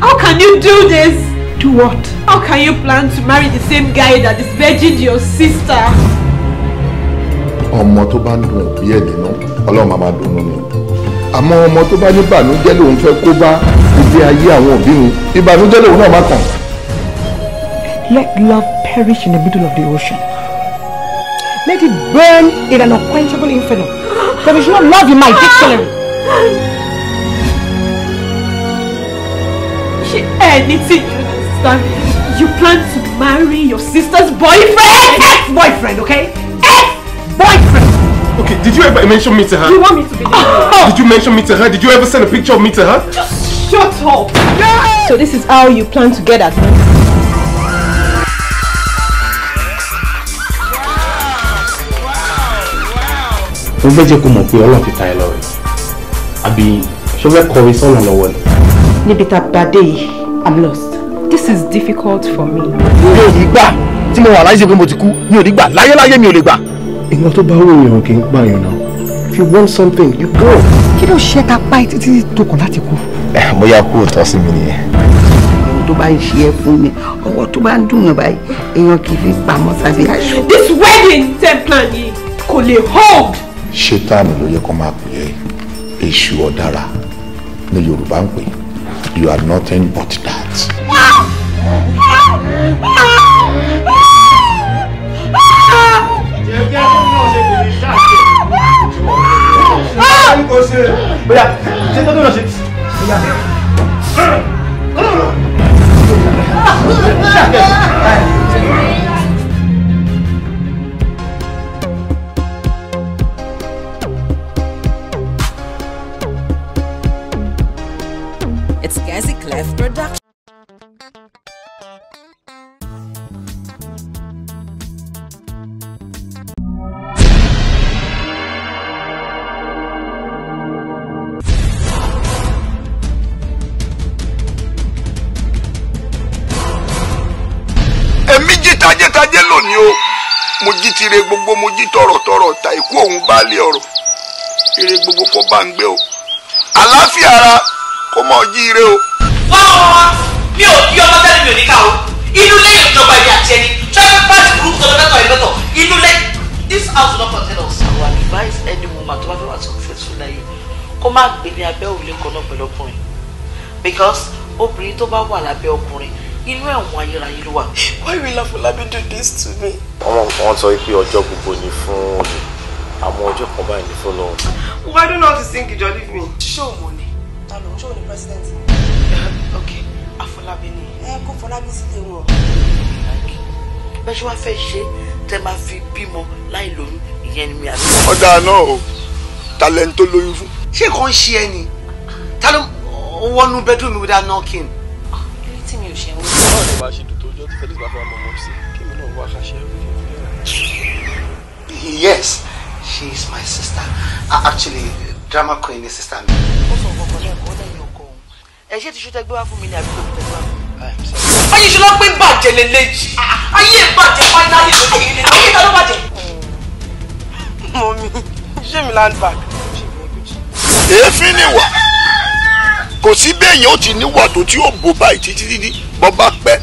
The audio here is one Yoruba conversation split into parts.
How can you do this? Do what? How can you plan to marry the same guy that is virgin your sister? Ọmọ tó bá ń dùn òbí ẹ̀ nínú, Ọlọ́run máa máa dunnú ni. Àmọ́ ọmọ tó bá ní ìbànújẹ́ lòun fẹ́ kó bá ìgbé ayé àwọn òbí mi, ìbànújẹ́ lòun náà máa kàn. Let love perish in the middle of the ocean. Let it burn in an unquenchable inferno. There is no love in my dictionary. anything, you understand? You plan to marry your sister's boyfriend? Ex-boyfriend, okay? Ex-boyfriend! Okay, did you ever mention me to her? You want me to be oh. Did you mention me to her? Did you ever send a picture of me to her? Just shut up! Yeah. So this is how you plan to get at me? Wow! Wow! jẹ́ kó mọ̀ pé ọlọ́run ti ta ẹ lọ rẹ̀ àbí ṣọfẹ́ kọrin sọ́nà lọ́wọ́ ni. níbi tá a bá dé yìí I'm lost. This is difficult for me. Mi ò ní gbà tí mo wà láyé ṣe pé mo ti kú mi ò ní gbà láyéláyé mi ò lè gbà. Ìgbà tó bá wò yàn kì í gbà yàn náà. If you want something, you go. Kí ló ṣe ká pa ẹ títí tó kàn láti kú? Mo eh, yá kú òótọ́ sí mi nìyẹn. Ohun tó bá ń ṣe ẹ fún mi, ọwọ́ tó bá ń dùn yàn báyìí, èèyàn kì í fi pamọ́ sábẹ́ aṣọ. This wedding temple yìí kò lè hold. Ṣé táàmù ló yẹ kó máa pè é? Èṣù ọ̀dára ni Yorùbá ń pè é. You are nothing but that. Bóyá, ire gbogbo mo jí tọ̀rọ̀tọ̀rọ̀ ta ìkú òun bá lé ọ̀rọ̀ ire gbogbo kó bá ń gbé o àlàáfíà ara kó mọ̀ jí ire o. wọ́n mọ̀ wọn mi ò bí ọmọ tẹ́lẹ̀ mi ò ní ká o inú lẹ́yìn ìjọba ìdí àti ẹni traffic party group tó lọ́tọ̀ ìlọ́tọ̀ inú lẹ́yìn this house no contain us. our advice any woman tó bá fẹ́ wà successful láyé kó má gbé ní abẹ́ òrùlé kan náà pẹ̀lú ọkùnrin because obìnrin tó bá wà lábẹ́ ọkùnrin inú ẹ̀wọ̀n ayérayé ló wà why will Afolabi do this to me. wọ́n wọ́n sọ pé ọjọ́ gbogbo ni fún olè àmọ́ ọjọ́ kan báyìí ni fún lọ́wọ́. why don't want to sing ìjọ leave me. ṣé o mọ̀ ni ta ló ń ṣe òní president. ok Afolabi ni. ẹ eh, kó Fọlábí sílé wọn. bẹ́ẹ̀ ṣe wá fẹ́ ṣe tẹ́ máa fi bímọ láì lóyún ìyẹn ni mi àbí. ọ̀dà náà o talent tó lóyún fún. ṣé kàn ń ṣe ẹni ta ló wọnú bedroom without knocking tí mi ò ṣe ń báwo ni wàá ṣe dùn tó ọjọ́ tí Felix bá fẹ́ mọ ọmọ sí kí èmi náà wá àṣẹ everything fún yes she is my sister actually drama queen ni sister mi. ó sọ ọkọ lẹ́kọ̀ọ́ lẹ́yìn ọkọ òun ẹ ṣé ti ṣú tẹgbẹ́ wá fún mi ni àbí kò tẹgbẹ́ wá fún mi. ayé ṣe ló pé bàjẹ́ lélẹ́jì ayé bàjẹ́ fáínálì lóde ilé ayé ta ló bàjẹ́. mọ ṣé mi land bag. èéfín ni wà kò sí bẹ́ẹ̀ yẹn ó ti níwà tó tí yóò bó báyìí títí títí bọ́ bá pẹ́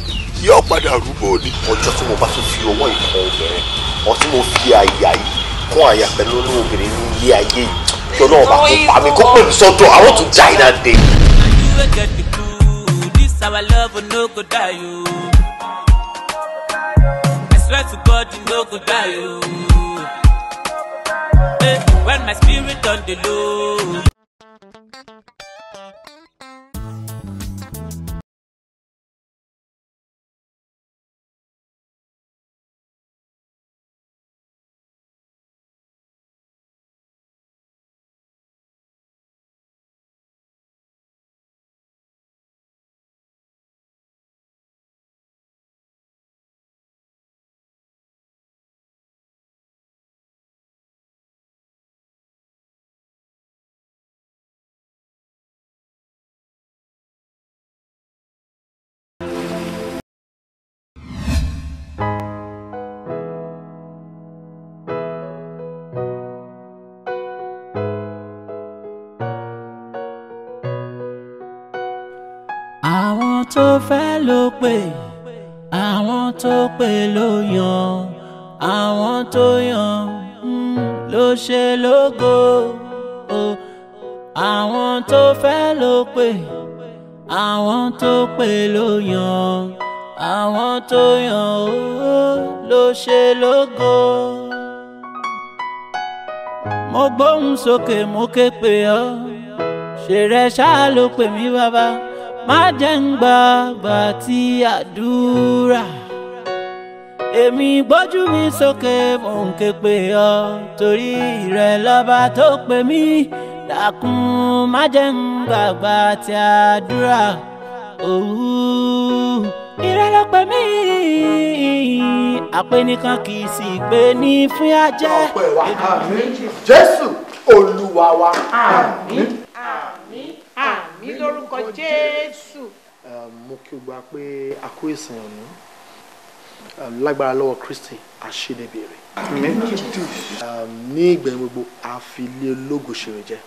yóò padà rúgbó ni. ọjọ́ tí mo bá tún fi ọwọ́ ìkan obìnrin ọ tí mo fi àyà yìí kún àyà pẹ̀lú olóbìnrin ní ilé ayé yìí kí ọlọ́run kó pa mí kó pè mí sọ́dọ̀ I want to die that This our love no go die I swear to God e no go die When my spirit on the low. tó fẹ́ ló pè àwọn tó pè ló yàn àwọn tó yàn hmm, ló ṣe lógo àwọn tó fẹ́ ló pè àwọn tó pè ló yàn àwọn tó yàn ló ṣe lógo. mo gbóhùn sókè mo ké pè ọ́ ṣèrè ṣáà ló pè mí bàbá má jẹ́ ń gba bàtí àdúrà èmi gbójú mi sókè mò ń ké pè ọ torí rẹ lọ́ba tó pè mí dákun má jẹ́ ń gba bàtí àdúrà òwú ìrẹ́lọ́pẹ́ mi àpẹnìkan kì í sì gbé ní fún ajẹ́. ọpẹ́ wa àmín jésù olúwa wa àmín lórúkọ jésù. mo kí o gba pé a kó ìsìn ọ̀nù lágbára lọ́wọ́ kristi àṣedébèrè. ní ìgbẹ̀yìn gbogbo a fi lé ológo ṣeré jẹ́.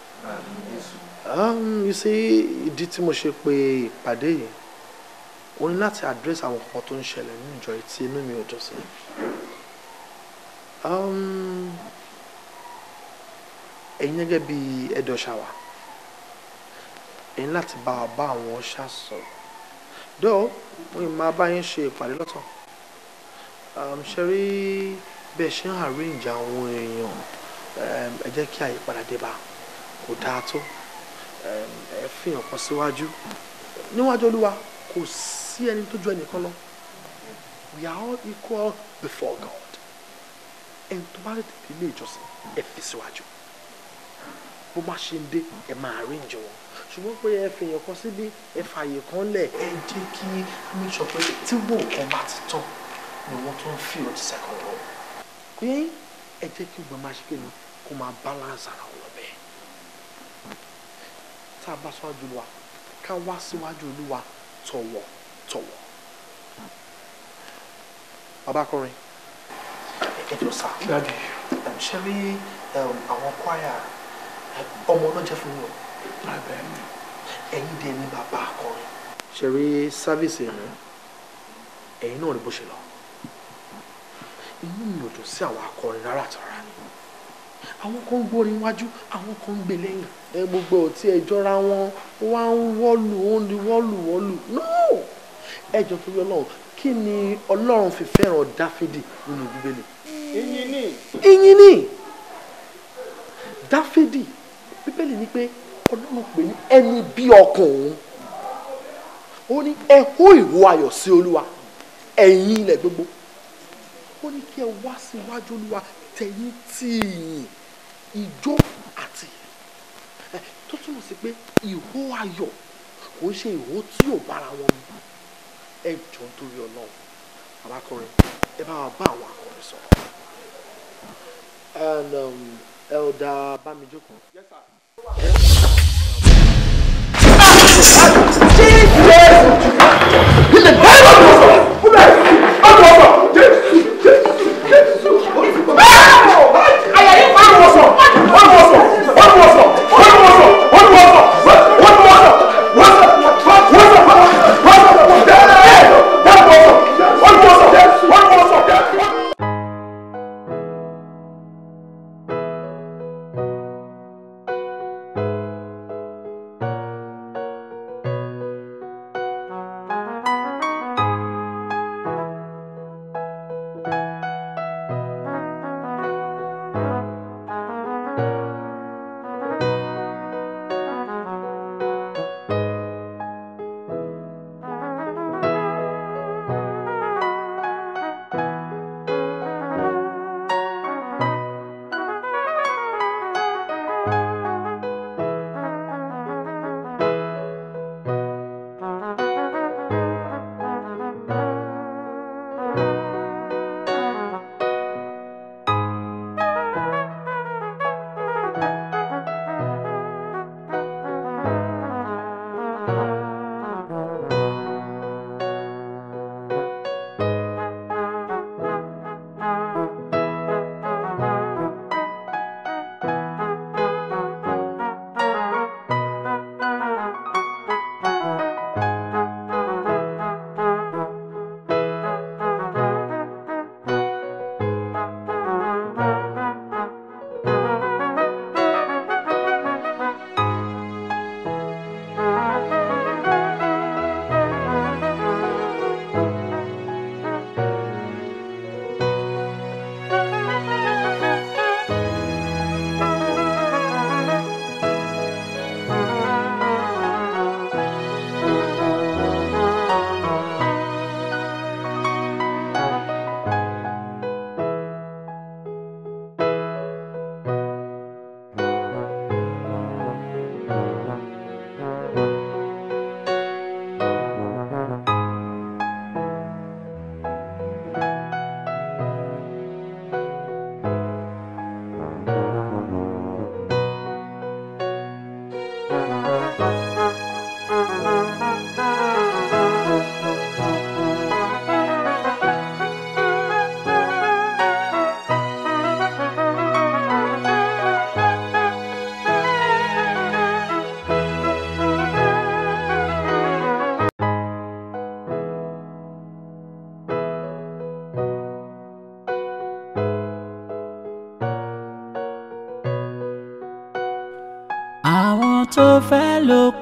ṣé um, ìdí tí mo ṣe pé ìpàdé yìí o ní láti address àwọn nǹkan tó ń ṣẹlẹ̀ ní ìjọ etí inú mi ò dùn sí. Um, ẹ̀yin gẹ́gẹ́ bí ẹ̀dọ̀ ṣàwà ẹ ní láti bá wa àwọn ọṣà sọ̀rọ̀ dọ́ wọ́n máa bá yín ṣe ìpàdé lọ́tọ̀ um, ṣe rí bẹ́ẹ̀ ṣe ń arrange àwọn èèyàn um, ẹ jẹ́ kí àyípadà dé bá kò dáa tó um, ẹ fi hàn kan síwájú níwájú olúwa kò sí ẹni tó ju ẹnìkan lọ we are all equal before God ẹni tó bá lè tẹ̀lé ilé ìjọsìn ẹ fi síwájú bó má ṣe ń dé ẹ máa arrange wọn ṣùgbọ́n pé ẹ fèèyàn kan síbí ẹ fààyè kan lẹ̀. ẹ jẹ́ kí mi sọ pé tí gbòòkan bá ti tán ni wọ́n tún fi ọtí sẹ́kọ̀ọ́ lọ. pé ẹ jẹ́ kí gbọ̀n máa ṣe kí ni kó máa balance ara wọn bẹ́ẹ̀. tá a bá síwájú wa ká wá síwájú olúwa tọ̀wọ̀ tọ̀wọ̀. bàbá kọrin. ẹ jọ sá kí wàá di ṣe rí um, àwọn kwaya um, ọmọ ọlọ́jẹ́ fún mi o ẹ̀yin dẹ̀ ní bàbá akọrin. ṣe rí sáfíìsì mi ẹ̀yin náà rí bó ṣe lọ inú mi ò dùn sí àwọn akọrin rárá tọ́ra ni àwọn kan ń gbórin wájú àwọn kan ń gbé lẹ́yìn. ẹ gbogbo ọtí ẹ jọra wọn wá ń wọ́lù ó ń di wọ́lù wọ́lù no ẹ jọ torí ọlọ́run kí ni ọlọ́run fi fẹ́ràn dáfídì nínú bíbélì. ìyìn ni. ìyìn ni dáfídì bíbélì ni pé ọlọ́run pè ní ẹni bí ọkàn òun ó ní ẹ hó ayọ̀ sí olúwa ẹ̀yin ilẹ̀ gbogbo ó ní kí ẹ wá síwájú olúwa tẹ̀yìn tí ìjó àti tó túmọ̀ sí pé ìhó ayọ̀ kò ń ṣe ìhó tí ò bára wọn mu ẹ jọ nítorí ọlọ́run abakọrin ẹ bá wa bá àwọn akọrin sọ. and um, elder bamijoko. Yes, sir. What's up?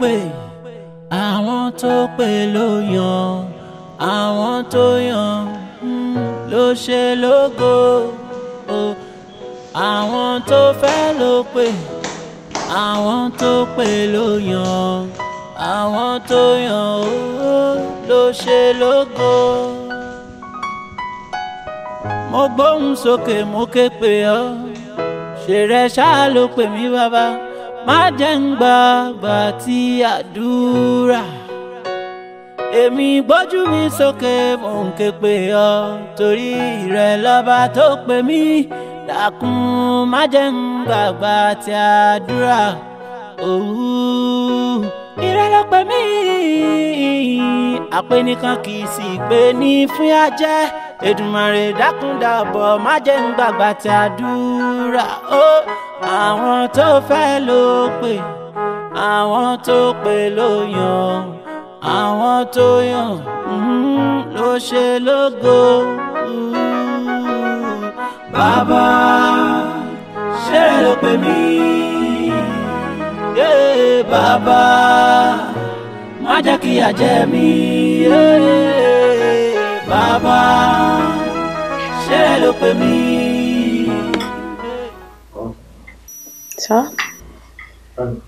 pè àwọn tó pè ló yàn àwọn tó yàn hmm, ló ṣe lógo àwọn tó fẹ́ ló pè àwọn tó pè ló yàn àwọn tó yàn ló ṣe lógo mo gbóhùn sókè mo ké pè ọ́ ṣe ṣáà ló pè mí bàbá má jẹ́ ń gba bàtí àdúrà èmi gbójú mi sókè mò ń ké pe ọ torí rẹ lọ́ba tó pè mí dákun má bàtí àdúrà òwú ìrẹ́lọ́pẹ́ mi àpẹnìkan kì í sì pé ní fún ajẹ́ Èdùmàrè dákun dábọ̀ má jẹ́ àdúrà ó. Oh àwọn tó fẹ́ ló pè àwọn tó pè ló yàn àwọn tó yàn mm-hmm, ló ṣe lógo. bàbá ṣé ló pè mí bàbá má jẹ́ kí a jẹ mí bàbá ṣé ló pè mí. Sir? Um,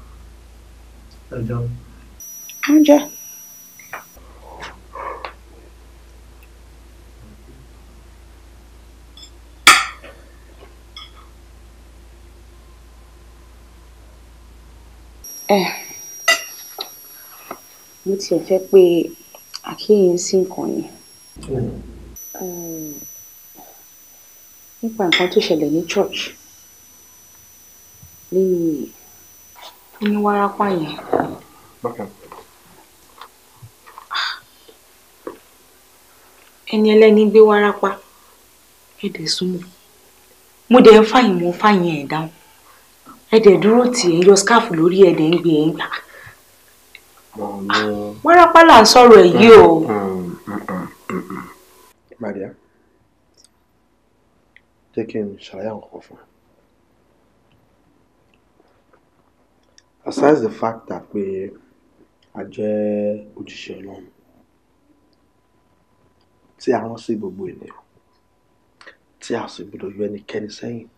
ẹjọ́. Oúnjẹ. Eh. mo tiẹ̀ fẹ́ pé àkíyèsí nǹkan ni mm. eh. nípa nǹkan tó ṣẹlẹ̀ ní church lẹ́yìn tó ní wárápá yẹn. ẹni ẹlẹ́ni gbé wárápá ẹ̀dẹ̀ súnmọ́ mo dẹ̀ ń fàyìn mo fàyìn ẹ̀ dáhùn ẹ̀dẹ̀ dúró tì ẹ̀ ń yọ skáàfù lórí ẹ̀dẹ̀ ń gbé ẹ̀ ń gbà. wárápá là ń sọ̀rọ̀ ẹ̀ yìí o. Maria jẹ́ kí n ṣàlàyé àwọn kan fún ẹ. besides the fact that pé a jẹ́ òjíṣẹ́ Ọlọ́run tí a rán sí gbogbo ènìyàn tí a sì gbọdọ̀ yọ ẹnikẹ́ni sẹ́yìn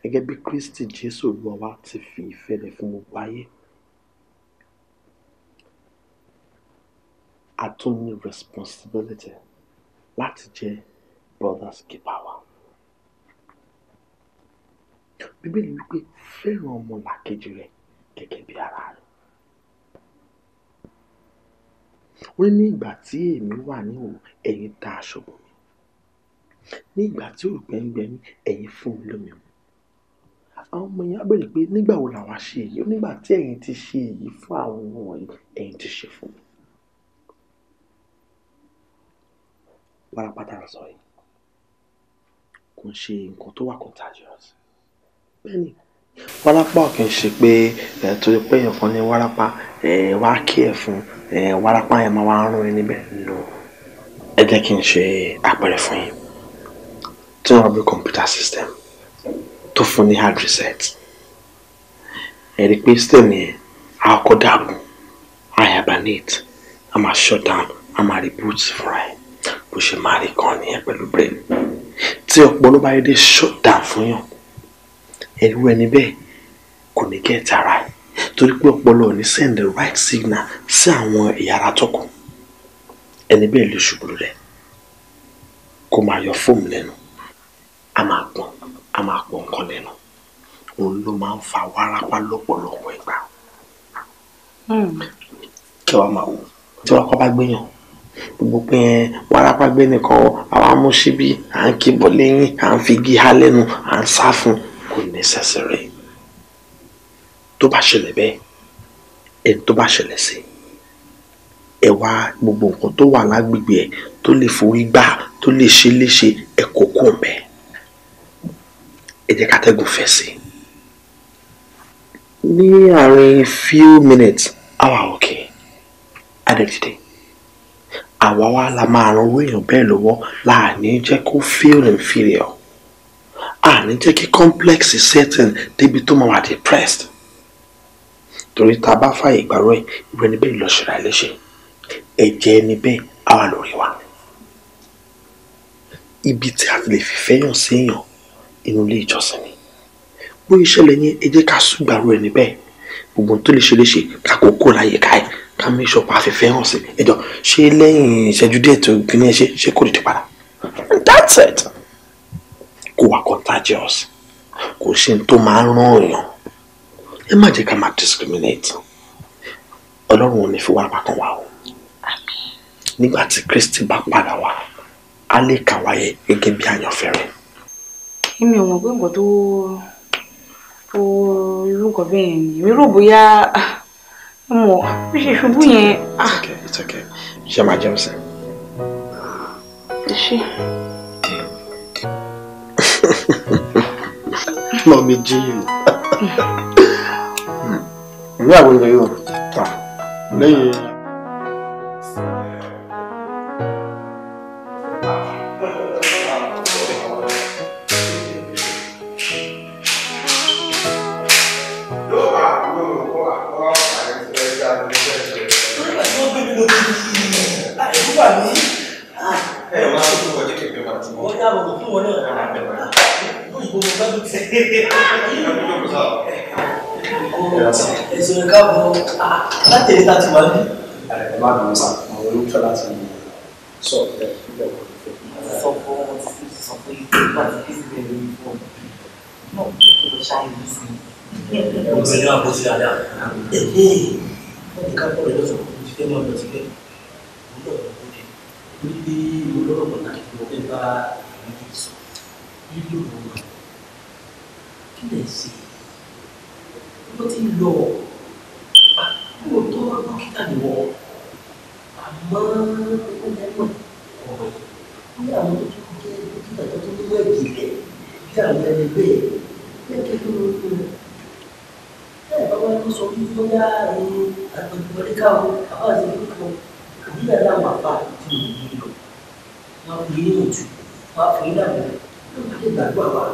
gẹ́gẹ́ bí Kristi Jésù Olúwa wa ti fi ìfẹ́ rẹ̀ fún gbogbo ayé. a tún ní responsibility láti jẹ́ brothers keeper wa. bíbélì wípé fẹ́ràn ọmọlàkejì rẹ̀ gẹ́gẹ́ bí ara rẹ̀. Wọ́n ní ìgbà tí èmi wà ní ìhòòhò ẹ̀yin ta aṣọ bò mí. Ní ìgbà tí òǹgbẹ ń gbẹ mí ẹ̀yin fún mi lómi mu. Àwọn ọmọ yẹn á béèrè pé nígbà wo làwa ṣe èyí? Ó nígbà tí ẹ̀yin ti ṣe èyí fún àwọn wọ̀nyí ẹ̀yin ti ṣe fún mi. Pátápátá ń sọ yìí. Kò ń ṣe nǹkan tó wà contagious. Bẹ́ẹ̀ wárápá ò kì í ṣe pé ẹ̀ torí pé èèyàn kan ní wárápá ẹ̀ wá kí ẹ̀ fún ẹ̀ wárápá yẹn máa wá rún ẹ níbẹ̀ lò ẹ jẹ́ kí n ṣe àpẹẹrẹ fún yín tí wọ́n bí computer system tó fún ní hard reset ẹ rí i pé system yẹn á kọ́ dààmú á hibernate á máa shut down á máa reboot fúnra ẹ̀ bó ṣe máa rí kan nìyẹn pẹ̀lú brain tí ọpọlọ bá yẹ dé shut down fún yàn ẹ̀rú ẹni bẹ́ẹ̀ kò ní kẹ́ tara torí pé ọpọlọ ní send the right signal sí àwọn ìyára tọkùn ẹni bẹ́ẹ̀ lè ṣubú rẹ̀ kó máa yọ fóòmù lẹ́nu a máa pọ̀n a máa pọ̀n nǹkan lẹ́nu òun ló máa ń fa wárápá lọ́pọ̀lọpọ̀ ìgbà hmm. kí wàá máa wò tí wàá kọ́ bá gbéyàn gbogbo pé wárápá gbé nìkan àwa mú síbí à ń kí bọ́ lẹ́yìn à ń fi há lẹ́nu à ń sá fún un kò necessary tó bá ṣẹlẹ̀ bẹ́ẹ̀ ẹni tó bá ṣẹlẹ̀ sí ẹ wá gbogbo nǹkan tó wà lágbègbè ẹ tó lè forí gbà tó lè ṣe léṣe ẹ kó kó mẹ ẹ jẹ́ kátẹ́gùn fẹ́ sí ní àárín few minutes àwa òkè adẹ́tìdẹ́ àwa wa la máa ran owó èèyàn bẹ́ẹ̀ lọ́wọ́ láàní jẹ́ kó feel inferior àní ah, jẹ́ kí complex setting débi tó máa wà depressed torí tá a bá fààyè gbàrọ̀ ẹ̀ irú ẹni bẹ́ẹ̀ lọ ṣẹlẹ̀ léṣe ẹ̀jẹ̀ ẹni bẹ́ẹ̀ á wà lórí wa ibi tí a ti lè fìfẹ́ yàn sí èèyàn inú ilé ìjọsìn ni bó ìṣẹ̀lẹ̀ yẹn ẹ jẹ́ ká sùn gbàrọ̀ ẹni bẹ́ẹ̀ gbogbo tó lè ṣe léṣe ká kókó láyè ká ẹ̀ ká mí ìṣọ̀pá fìfẹ́ hàn sí ẹjọ́ ṣé lẹ́yìn ìṣẹ́jú díẹ̀ tó gbin ẹ ṣe ṣé kò dìde padà. that's it kò wá contagious kò ṣe tó máa ń ràn ẹ má jẹ́ ká máa discriminate ọlọ́run ò ní fi wá pàkan wá o nígbà tí Kristi bá padà wá a lè kà wáyé gẹ́gẹ́ bí àyànfẹ́ èmi ò mọ̀ pé nǹkan tó tó irú nǹkan bẹ́ẹ̀ ni èmi rò bóyá mo bí ṣe ṣubú yẹn. Ah. it's okay it's okay ṣé máa jẹun sẹ́yìn. ṣé. Let me do Ìwé àwọn èèyàn yóò tà lẹ́yìn. láti ẹ̀ta ti wọ́n bí. ẹ má bínú sá mo ń tọ́ láti sọ ẹ nílẹ̀ wọ́n. sọ fún wọn sí sọ pé ìgbà tí kí n bẹ̀rẹ̀ lórí fún un náà kò lọ ṣáà yìí sí i. ọ̀sẹ̀ ní àpò ti dáadáa. ẹ̀ẹ́dẹ́ wọ́n ká bọ̀ lọ́sọ̀ kó ti fẹ́ mọ́ ọ̀dọ̀ ti fẹ́ níbi olóró pàtàkì tó fẹ́ bá ìlú sọ lílo ọ̀rọ̀ kí lè ṣe bó ti lọ lóòótọ́ dókítà ni wọ́n àmọ́ ó lẹ́mọ̀ ọ̀rọ̀ ní àwọn tó tún jẹ́ dókítà tó tún níwọ̀ ìjìnlẹ̀ bí àwọn ẹni bẹ́ẹ̀ bẹ́ẹ̀ kí ló ń lò bẹ́ẹ̀ bá wọn sọ fún bóyá àgbẹ̀dùmọ̀lẹ́ káwọn àwọn àti ìlú kan àbílẹ̀ làwọn àpá àti ìlú lọ wọn fi yín òtù wọn fi yín àbẹ̀rẹ̀ wọn fi gbàgbọ́ àwa.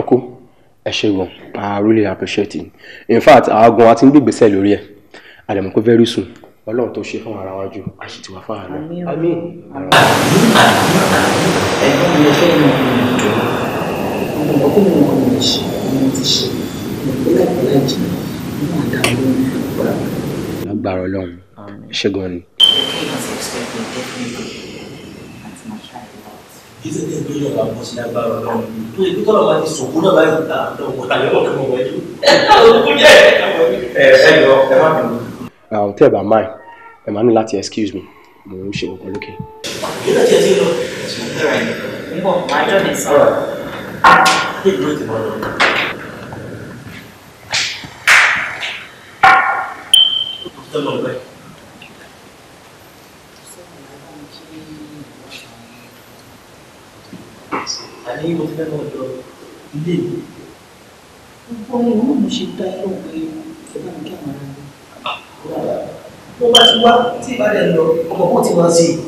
ọkọ ẹ ṣé gan i really appreciate it in fact àwọn gan wa ti ń gbègbèsẹ̀ lórí ẹ̀ àdàmọ̀ pé very soon ọlọ́run tó ṣe fún ara wa jù a sì ti wà fáwọn àná. àmín. ẹ̀gbọ́n mi fẹ́ mi ò dùn àwọn ọmọ mọ̀ ọ́n mi ṣe ọmọ ti ṣe ìpínlẹ̀ ìpínlẹ̀ jì ní àdáwọ̀ ní ìpínlẹ̀. lágbára ọlọ́run ṣẹ́gun ni kì í ṣe tẹ̀ lóyún ọ̀gá bọ́ sí agbára ọlọ́run tó ebi tọ́lọ̀ máa ti sọ̀kú náà báyìí ta lọ́wọ́ tàyẹ̀wọ̀ kan wọ̀ ẹ́jú ẹ̀ tẹ́ ẹ bá máì ẹ máa ní láti excuse me mo ń ṣe nǹkan lókè. ìlú tí ẹ ti lọ. ń bọ̀ máa jọ mi sọ. lẹ́nu ọ̀dọ̀ ilé mi gbogbo ọmọ òun mo ṣe dá ẹ lóhùn pé ẹ bá mi kí àwọn ará mi. mo bá ti wá tí ìbá lọ ọkọ̀ kó ti wá sí i.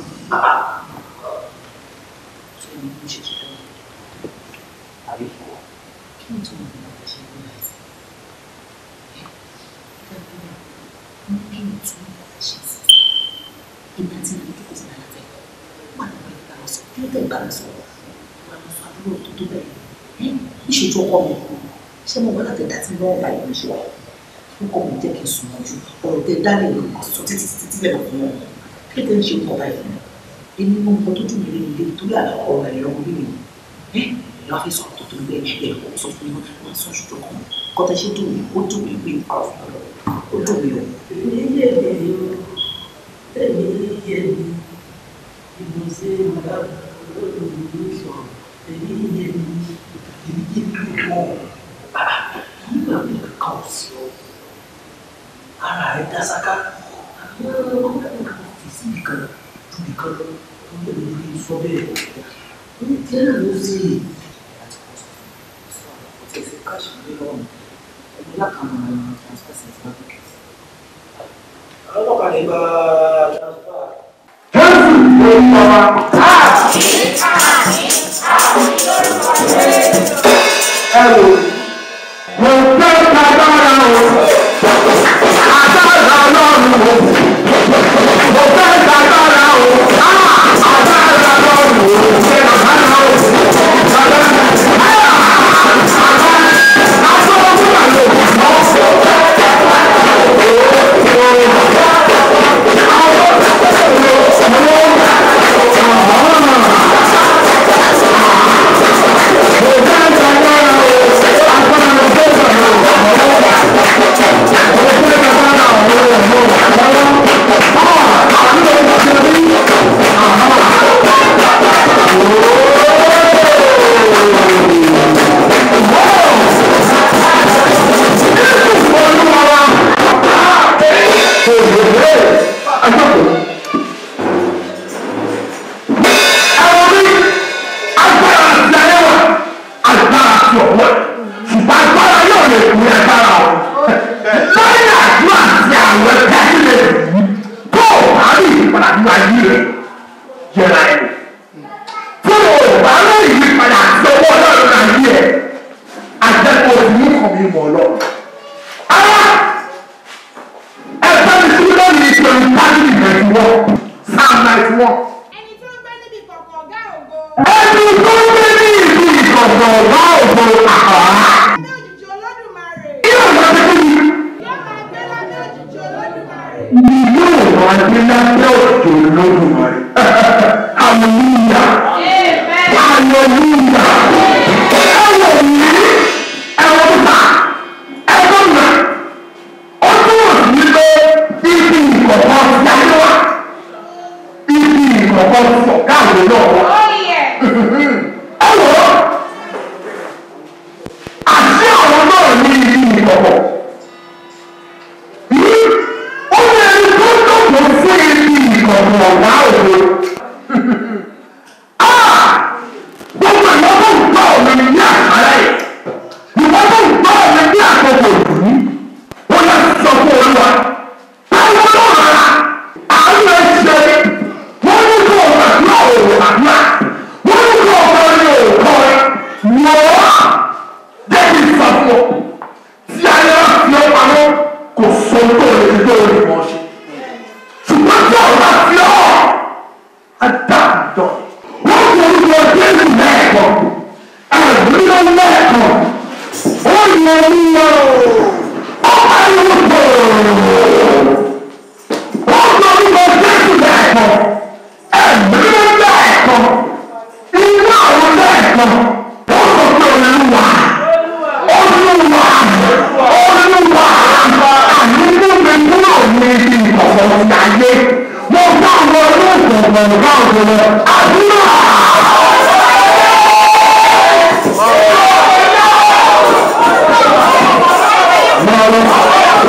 dálẹ̀ ló kọ sọ títí títí lẹ̀ fún wọn kí ń ṣe nǹkan báyìí fún ẹ ní wọn kọ tó dùn mí lẹ́nu lẹ́nu torí ọ̀rọ̀ ẹ̀ lọ́wọ́ mi ẹ lọ́ fi sọ tó tó gbẹ ẹ kò sọ fún mi wọn sọ ṣùjọ kan kọtà ṣe dùn mí ó dùn mí pé n fara fún ọ ó dùn mí o. ilé ẹ̀jẹ̀ ni o tẹ̀lé iye mi ìgbọ̀nsẹ̀ ìgbà olóògùn ìṣòro tẹ̀lé iye mi. de entramos e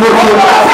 Thank you.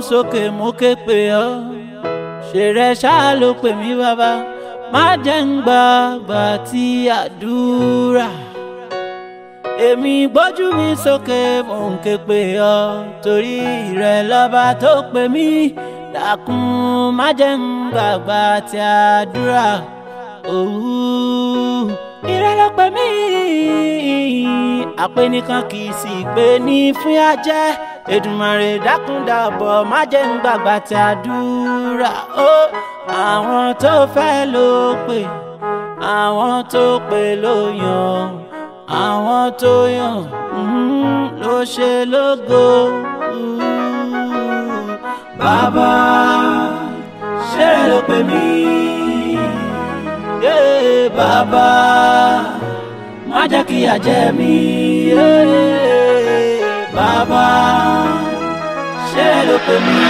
gbóhùn sókè mú ké pè ọ́ ṣèrè ṣáà ló pè mí bàbá má jẹ́ ń gba bàtí àdúrà èmi gbójú mi sókè mò ń ọ́ torí rẹ lọ́ba tó pè mí dákun má jẹ́ ń gbàgbà tí àdúrà òwú ìrẹ́lọ́pẹ̀ mi àpẹnìkan kì í sì gbé ní fúyà Èdùmàrè dákúndàbọ̀ má jẹ́ ń gbàgbà tí àdúrà ó àwọn tó fẹ́ ló pè àwọn tó pè ló yàn àwọn tó yàn mm-hmm, ló ṣe lógo. Bàbá ṣe ló pè mí bàbá má jẹ́ kí àjẹ́ mi. Yeah. Baba, ṣe ló pè mí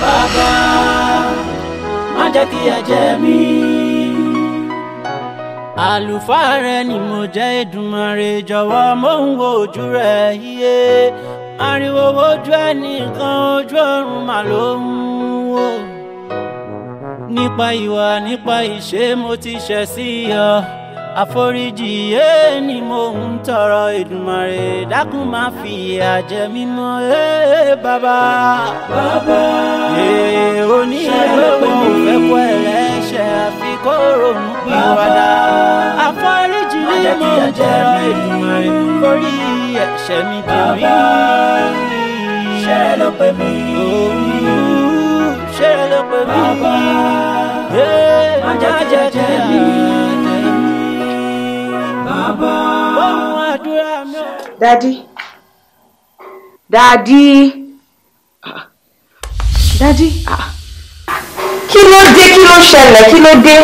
bàbá má jẹ́ kí ẹ jẹ rẹ ni mo jẹ́ Èdùmàrè jọ̀wọ́ mò ń wo ojú rẹ yíyé ariwo ojú ẹnìkan ojú ọ̀run mà ló ń wò nípa ìwà nípa ìṣe mo ti ṣẹ̀ sí ọ àforíjì yéé ni mo ń tọrọ Èdùmàrè dákun má fi ìyà jẹ mí mọ́ ee bàbá. bàbá ee oní ẹlẹ́pẹ̀ mo fẹ́ kọ́ ẹlẹ́ṣẹ̀ àfi kó ronú pìwàdà. àforíjì ni mo ń tọrọ Èdùmàrè forí ẹ̀ṣẹ̀ mi jì mí. bàbá ṣe ló pè mí. ṣe ló pè mí. bàbá má jẹ́ jẹ́ jẹ́ mi. Daddy, daddy, daddy. kí ló dé kí ló ṣẹlẹ̀ kí ló dé.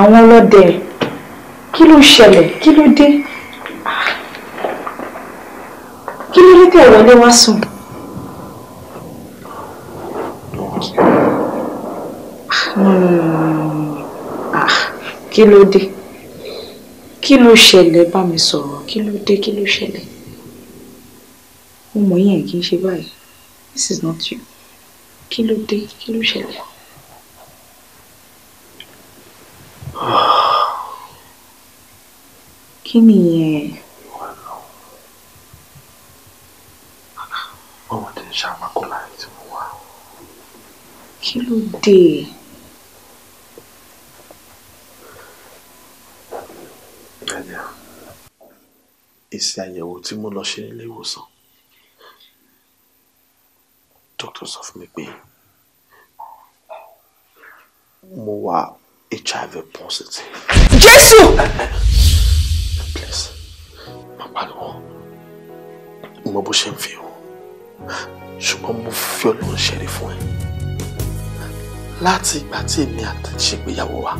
àwọn ọlọ́dẹ kí ló ṣẹlẹ̀ kí ló dé kí kí ló dé kí ló ṣẹlẹ̀ bá mi sọ̀rọ̀ kí ló dé kí ló ṣẹlẹ̀ mo mọ̀ yẹn kì í ṣe báyìí this is not you kí ló dé kí ló ṣẹlẹ̀. kí nìyẹn. ọmọdé ń ṣàmàkó láì tí mo wà. kí ló dé. èsì àyẹ̀wò tí mo lọ ṣe nílé ìwòsàn doctor sọ fún mi pé mo wà HIV positive. Jésù. please má pariwo mo bó ṣe ń fi hàn ṣùgbọ́n mo fi ọlọ́run ṣẹ̀rí fún ẹ láti ìgbà tí èmi àti ṣègbéyàwó wa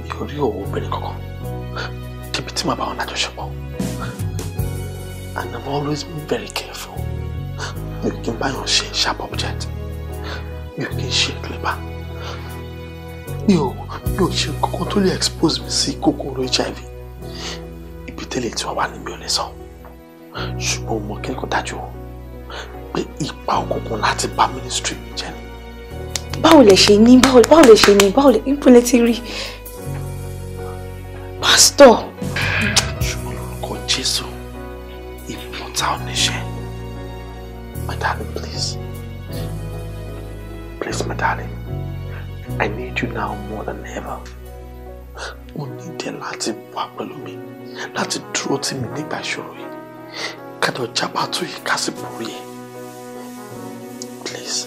mi ò rí òwò obìnrin kankan kíbi tí màá bá wọn lájọṣepọ̀ and I'm always very careful mi ò kí n báyọ̀ ṣe sharp object mi ò kí n ṣe clever mi ò mi ò ṣe kankan tó lè expose mi sí kòkòrò HIV ibi tẹ́lẹ̀ tí wọ́n wà ní mi ò lè sọ ṣùgbọ́n mo kí n kò dájú o pé ipa òkùnkùn láti bá ministry mi jẹ́ ni. báwo lè ṣe ní báwo lè ṣe ní báwo lè ń pínlẹ̀ ti rí pásítọ̀ ṣùgbọ́n lórúkọ Jésù ìmọ̀ta oníṣẹ́ my darling please please my darling I need you now more than ever mo need ẹ láti wà pẹ̀lú mi láti dúró tì mí nígbà ìṣòro yìí kájọ jábá tó yìí ká sì borí ẹ please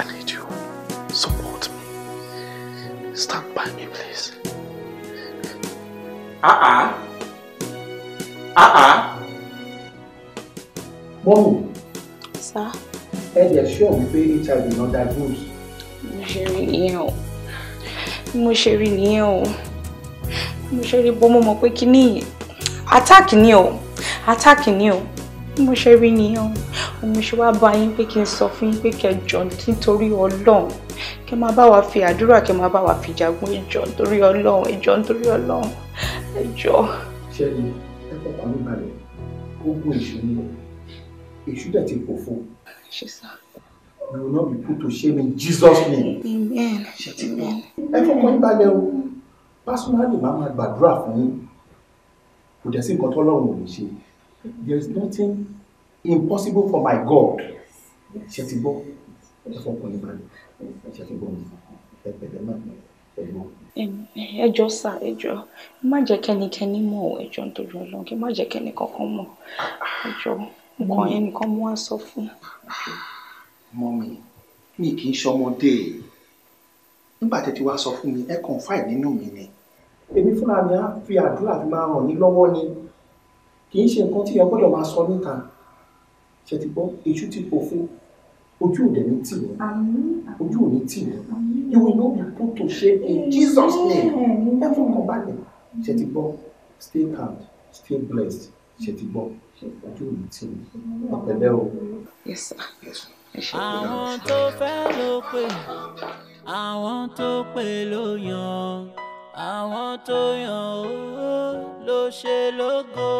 I need you support me stand by me please. Ah ah ah ah, ẹ Sir, sọ wípé hiv náà diagnose. mo ṣe rí that o mo ṣe rí nìyẹn o mo ṣe rí bó mo mọ̀ pé kíní attack ni o attack ni o mo ṣe rí nìyẹn o mo ṣe wá bá yín pé kí n sọ fún yín pé kẹjọ nítorí Ọlọ́run kẹ máa bá wa fi àdúrà kẹ máa bá wa fi jagun ìjọ nítorí Ọlọ́run ìjọ nítorí Ọlọ́run ẹ jọ. ṣẹ́ni ẹ kọ́kọ́ ní balẹ̀ ogun èṣù ni èṣù dẹ̀ ti pòfo. ṣe sá. you will not be put to shame in Jesus' name. amen. amen. ẹ fọkàn yín balẹ̀ o personally máa ma gbàdúrà fún yín kò dẹ̀ sí nǹkan tọ́lọ́run ò lè ṣe there is nothing impossible for my God ṣe ti gbọ́ ẹ fọkàn yín balẹ̀ ṣe ti gbọ́ ẹ pẹ̀lẹ́ máa ẹ jọ̀ọ́ sà ẹ jọ̀ọ́ ẹ má jẹ́ kẹ́nikẹ́ni mọ̀ ẹ jọ̀ọ́ nítorí Ọlọ́run kí má jẹ́ kẹ́ni kankan mọ̀ ẹ jọ̀ọ́ nǹkan yẹn nìkan mú wá sọ fún. mọ mi mi kì í ṣọmọdé nígbà tẹ́ ti wá sọ fún mi ẹ kàn fáì nínú mi ni èmi fúnra mi á fi àdúrà fi máa ràn yín lọ́wọ́ ni kì í ṣe nǹkan tí ẹ gbọ́dọ̀ máa sọ níta ṣètìgbọ́ èṣù ti pò fún ojú òde ní tì yẹn ojú òní tì yẹn you will not be put to shame in Jesus name ẹ fún ọkọ balẹ̀ ṣe ti gbọ́ stay calm stay blessed ṣe ti gbọ́ ojú òní tì yẹn ọ̀pẹ̀lẹ́ o. àwọn tó fẹ́ ló pè àwọn tó pè ló yàn àwọn tó yàn ó ló ṣe lógo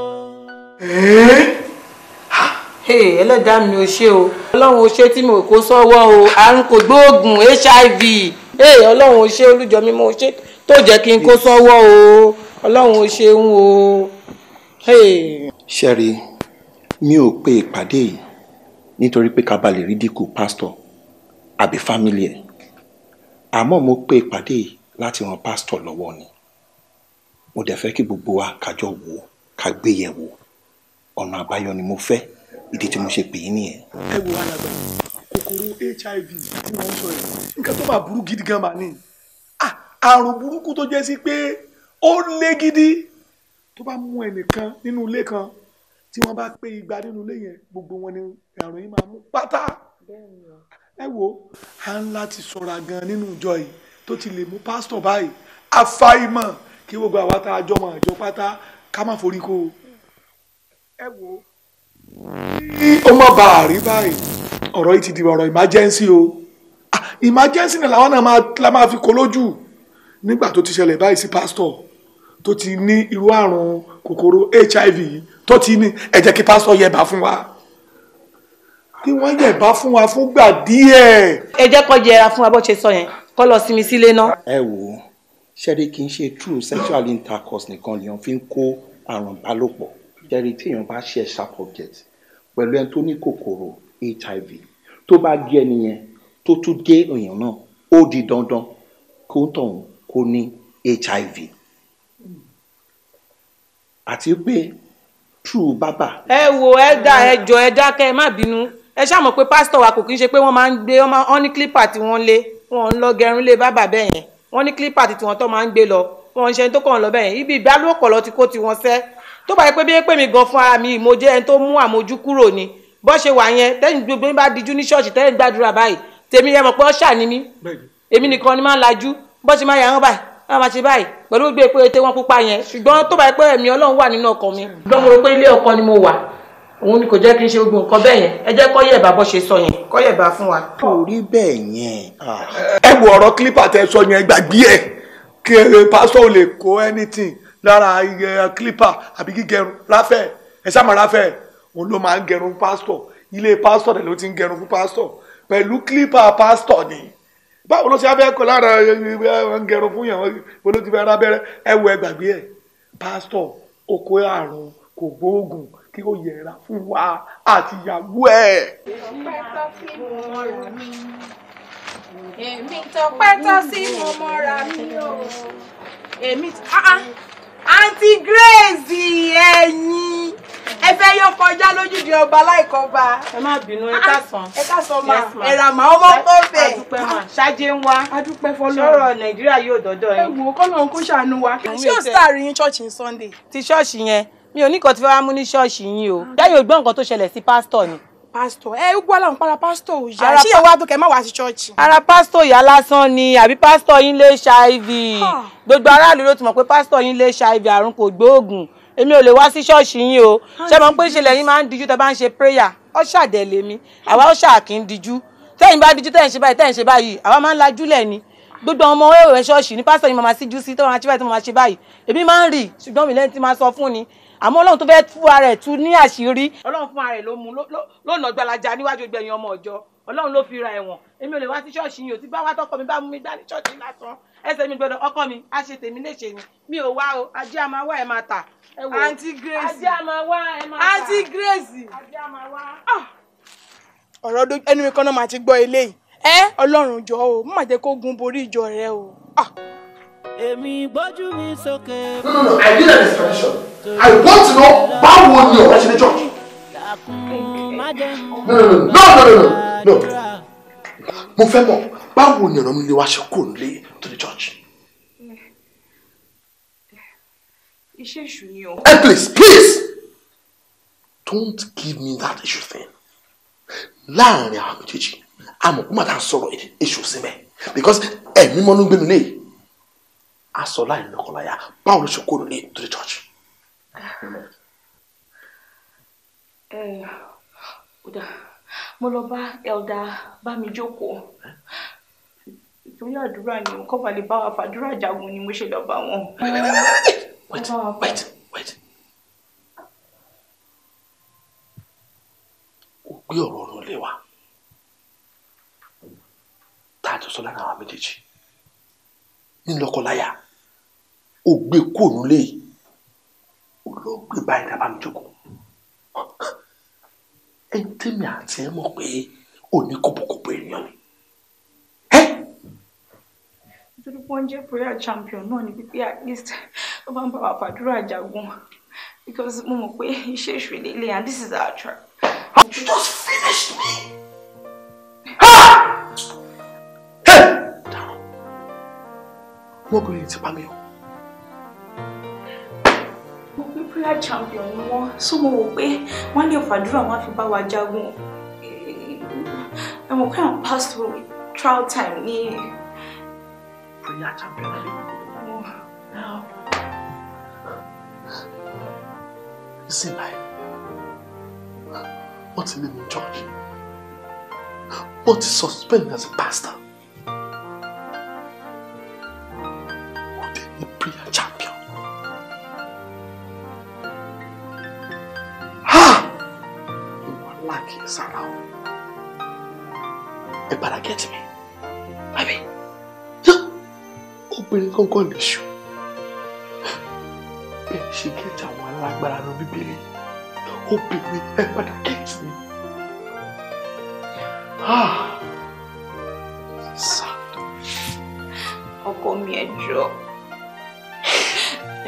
ẹlẹ́dàá mi ò ṣe o ọlọ́run ò ṣe tí mo kó sọ́wọ́ o àrùn kò gbóògùn hiv ọlọ́run ò ṣe olújọmí mo ṣe tó jẹ́ kí n kó sọ́wọ́ o ọlọ́run ò ṣeun o. ṣẹ́rí mi ò pe ìpàdé yìí nítorí pé ká ba lè rí dínkù pásítọ̀ àbí fámílì ẹ̀ àmọ́ mo pe ìpàdé yìí láti ran pásítọ̀ lọ́wọ́ ni mo dẹ̀ fẹ́ kí gbogbo wa kájọ wò ó ká gbé yẹ̀ wò ọ̀nà àbáyọ ni mo fẹ́ ìdí tí mo ṣe pè é nìyẹn. ẹ wo alàgbà kòkòrò hiv tí wọ́n ń sọ yìí nǹkan tó máa burú gidi gan-an ni àrùn burúkú tó jẹ́ sí pé ó lé gidi tó bá mú ẹnìkan nínú ilé kan tí wọ́n bá pé igba nínú ilé yẹn gbogbo wọn ni àrùn yìí máa mú pátá ẹ wo à ń láti ṣọ́ra gan nínú ìjọ yìí tó ti lè mú pásítọ̀ báyìí àfàìmọ̀ kí gbogbo àwa tá a jọ àjọ pátá ká má forí kó ẹ wo ó má ba àrí báyìí ọ̀rọ̀ yìí ti di ọ̀rọ̀ emergency o ah, emergency ni làwọn náà la máa fi kó lójú nígbà tó ti ṣẹlẹ̀ báyìí sí pásítọ̀ tó ti ní irú àrùn kòkòrò HIV yìí tó ti ní ẹ jẹ́ kí pásítọ̀ yẹ̀bá fún wa kí wọ́n yẹ̀bá fún wa fúngbà díẹ̀. ẹ jẹ́ kó yẹra fún wa bó ṣe sọ yẹn kó lọ sinmi sílé náà. ẹ wò ó ṣẹ́rí kì í ṣe true sexual intercourse nìkan lèèyàn fi ń kó àrùn ìbálòpọ̀ ẹ̀rí tí èèyàn bá share sharp object pẹ̀lú ẹni tó ní kòkòrò HIV tó bá gé ẹni yẹn tó tún gé èèyàn náà ó di dandan kó tọ̀hún kó ní HIV àti pé true bàbà. ẹ wo ẹ dá ẹ jọ ẹ dákẹ́ ẹ má bínú ẹ ṣáà mọ̀ pé pásítọ̀ wa kò kí ń ṣe pé wọ́n máa ń gbé wọ́n ní clipper tí wọ́n lé wọ́n ń lọ gẹrun lé bàbà bẹ́ẹ̀ yẹn wọ́n ní clipper tí wọ́n tó máa ń gbé lọ wọ́n ń ṣe tó kàn lọ bẹ́ẹ̀ yẹn ibi ìbálòpọ̀ lọ ti kó tiwọn sẹ́ tó bá yẹ pé bí yẹn pè mí gan fún ara mi mo jẹ́ ẹni tó mú àmójú kúrò ni bó ṣe wà yẹn tẹ́yìn gbogbo yín bá dijú ní ṣọ́ọ̀ṣì tẹ́yìn gbàdúrà báyìí tèmi yẹn mọ̀ pé ọ̀ṣà ni mí èmi nìkan ni máa ń lajú bó ṣe máa yà wọ́n báyìí wọ́n máa ṣe báyìí pẹ̀lú gbé pé ètè wọn pupa yẹn ṣùgbọ́n tó bá yẹ pé ẹ̀mí Ọlọ́run wà nínú ọkàn mi ṣùgbọ́n mo rò pé ilé ọkọ ni mo wà òun ni kò jẹ́ kí n ṣe gbogbo nǹkan bẹ́ẹ̀ yẹn ẹ jẹ́ kọ́ yẹ̀bà bó ṣe sọ yẹn kọ́ yẹ̀bà fún wa. kò bẹ́ẹ̀ yẹn. Ah. ẹ wo ọ̀rọ̀ clipper tẹ sọ yẹn gbàgbé ẹ kí pásítọ̀ ò lè kó anything lára eh, clipper àbí gígẹrun ráfẹ́ ẹ sáà máa ráfẹ́ òun ló máa ń gẹrun pásítọ̀ ilé pásítọ̀ rẹ̀ ló ti ń gẹrun fún pásítọ̀ pẹ̀lú clipper pásítọ̀ ni báwo ló ṣe abẹ́ kọ lára eh, eh, ń gẹrun fún yàn wọn ló ti fẹ́ rábẹ́rẹ́ ẹ wo ẹgbàgbé ẹ pásítọ̀ oko àrùn kò gbóògùn kí ó yẹra fún wa àtìyàwó ẹ. èmi tọpẹ́ tọ́ sí mo mọ́ra mi o èmi ah ah àǹtí Grace ẹ̀yin ẹ fẹ́ yọ kọjá lójúde ọba láìkọba. ẹ má bínú ẹ káàsán ẹ káàsán ma ẹ rà má ọmọ tó fẹ́. adúpẹ́ ma ṣáájé ń wá adúpẹ́ fọlọ́ sọ̀rọ̀ nàìjíríà yóò dọ́dọ̀ yín. ẹ wò ó kọ́ lóun kó ṣàánú wa. ṣé o star yín ṣọ́ọ̀ṣì Sunday. ti ṣọ́ọ̀ṣì yẹn mi ò ní kan tí fẹ́ wá mú ní ṣọ́ọ̀ṣì yín o. lẹ́yìn ah. ògbọ́n nǹkan tó ṣẹlẹ̀ sí pásítọ̀ ni pásítọ̀ ẹ gbọ́ làwọn para pásítọ̀ òyà ṣé ìyàwó àdókè má wá sí ṣọ́ọ̀ṣì. ara pásítọ̀ ìyá lásán ni àbí pásítọ̀ yín lè ṣàìv gbogbo aráàlú ló ti mọ̀ pé pásítọ̀ yín lè ṣàìv àrùn kò gbóògùn èmi ò lè wá sí ṣọ́ọ̀ṣì yín o ṣé mo ń pè ṣe lẹ́yìn máa ń dijú tẹ́ bá ń ṣe prayer ó ṣàdẹ̀ lèmi àwa ó ṣàkí ń dijú tẹ́yìn bá dijú tẹ́yìn ṣe báyìí tẹ́yìn ṣe báyìí àwa máa ń lajú lẹ̀ ni gbogbo ọmọ ẹ̀wẹ̀ ṣọ́ọ̀ṣì ní pásítọ̀ yìí máa ma síjú sí tó máa ṣe báyìí tó máa ṣe báyìí èmi máa ń rì ṣùgbọ́n mi lẹ́yìn tí máa sọ fún ni àmọ́ ọlọ́run tó fẹ́ fún ara ẹ̀ tú ní àṣírí ọlọ́run fún ara ẹ̀ ló mú ló lọ gbalaja níwájú gbẹ̀yìn ọmọ ọjọ́ ọlọ́run ló fi ra ẹ̀wọ̀n èmi ò lè wá sí ṣọ́ọ̀ṣì yìí ò ti bá wá tọkọ mi bá mú mi dání ṣọ́ọ̀ṣì lásán ẹsẹ̀ mi gbọ́dọ̀ ọkọ mi á ṣe tèmi léṣe ni mi ò wá o ajé a máa wá ẹ máa tà Anti wò àǹtí Grace Anti a máa wá ẹ máa tà àǹtí Grace ajé a máa wá. Ah. ọ̀rọ̀ ẹnu mi kan náà máa ti gbọ́ eléyìí ẹ ọlọ́run jọ o má jẹ́ kó gun borí ìjọ rẹ o. Ah èmi gbójú mi sókè. no no no i need an explanation i want to know báwo ni ọ̀rọ̀ ṣe ní church. no no no no no no no mo fẹ́ mọ̀ báwo ni ọ̀rọ̀ nílé wa ṣe kò nílé to the church. iṣẹ́ èṣù ni o. hey please please don't give me that issue thing láàrin àwọn méjèèjì àmọ́ kó má dá sọ̀rọ̀ èṣù sí mẹ́ because ẹ̀mí mọ́nú gbẹ̀mí lẹ́yìn aṣọ láì lọ́kọláya báwo ló ṣe kó nílé to the church. mo lọ bá elder Bámijókòó nítorí àdúrà ni mo kọ́ bá lè bá wa fàdúrà jagun ni mo ṣe lọ bá wọn. wait wait wait. o gbé ọ̀rọ̀ ọ̀run lé wa tá a jọ sọ lára àwọn méjèèjì ńlọkọláyà ó gbé kúrò nílé yìí ó lọ gbé báyìí dábàá mi jókòó ẹni tẹ́mi àti ẹ mọ̀ pé òní kọ̀bọ̀kọ̀bọ̀ ènìyàn ni. nítorí wọ́n jẹ́ prayer champion náà ni pípé at least ó bá ń bá wa fàdúrà jagun because mo mọ̀ pé iṣẹ́ ìṣòlélẹ̀ and this is our trap. you just finish me. ọmọbìnrin ti pa mí o. mo prayer champion ni wọn sọ mo wò pé wọn lè fàdúrà wọn fi bá wa jagun ẹ mọ̀ pé àwọn pass through trial time ní. prayer champion Now, wọn. Listen, I. What in the church? What is suspended as a pastor? pínrín gángan lèṣù bẹ́ẹ̀ ṣe gẹ́tì àwọn alágbára lọ bíbélì obìnrin ẹ padà gẹ́tì mi. Ah! ọkọ mi ẹjọ́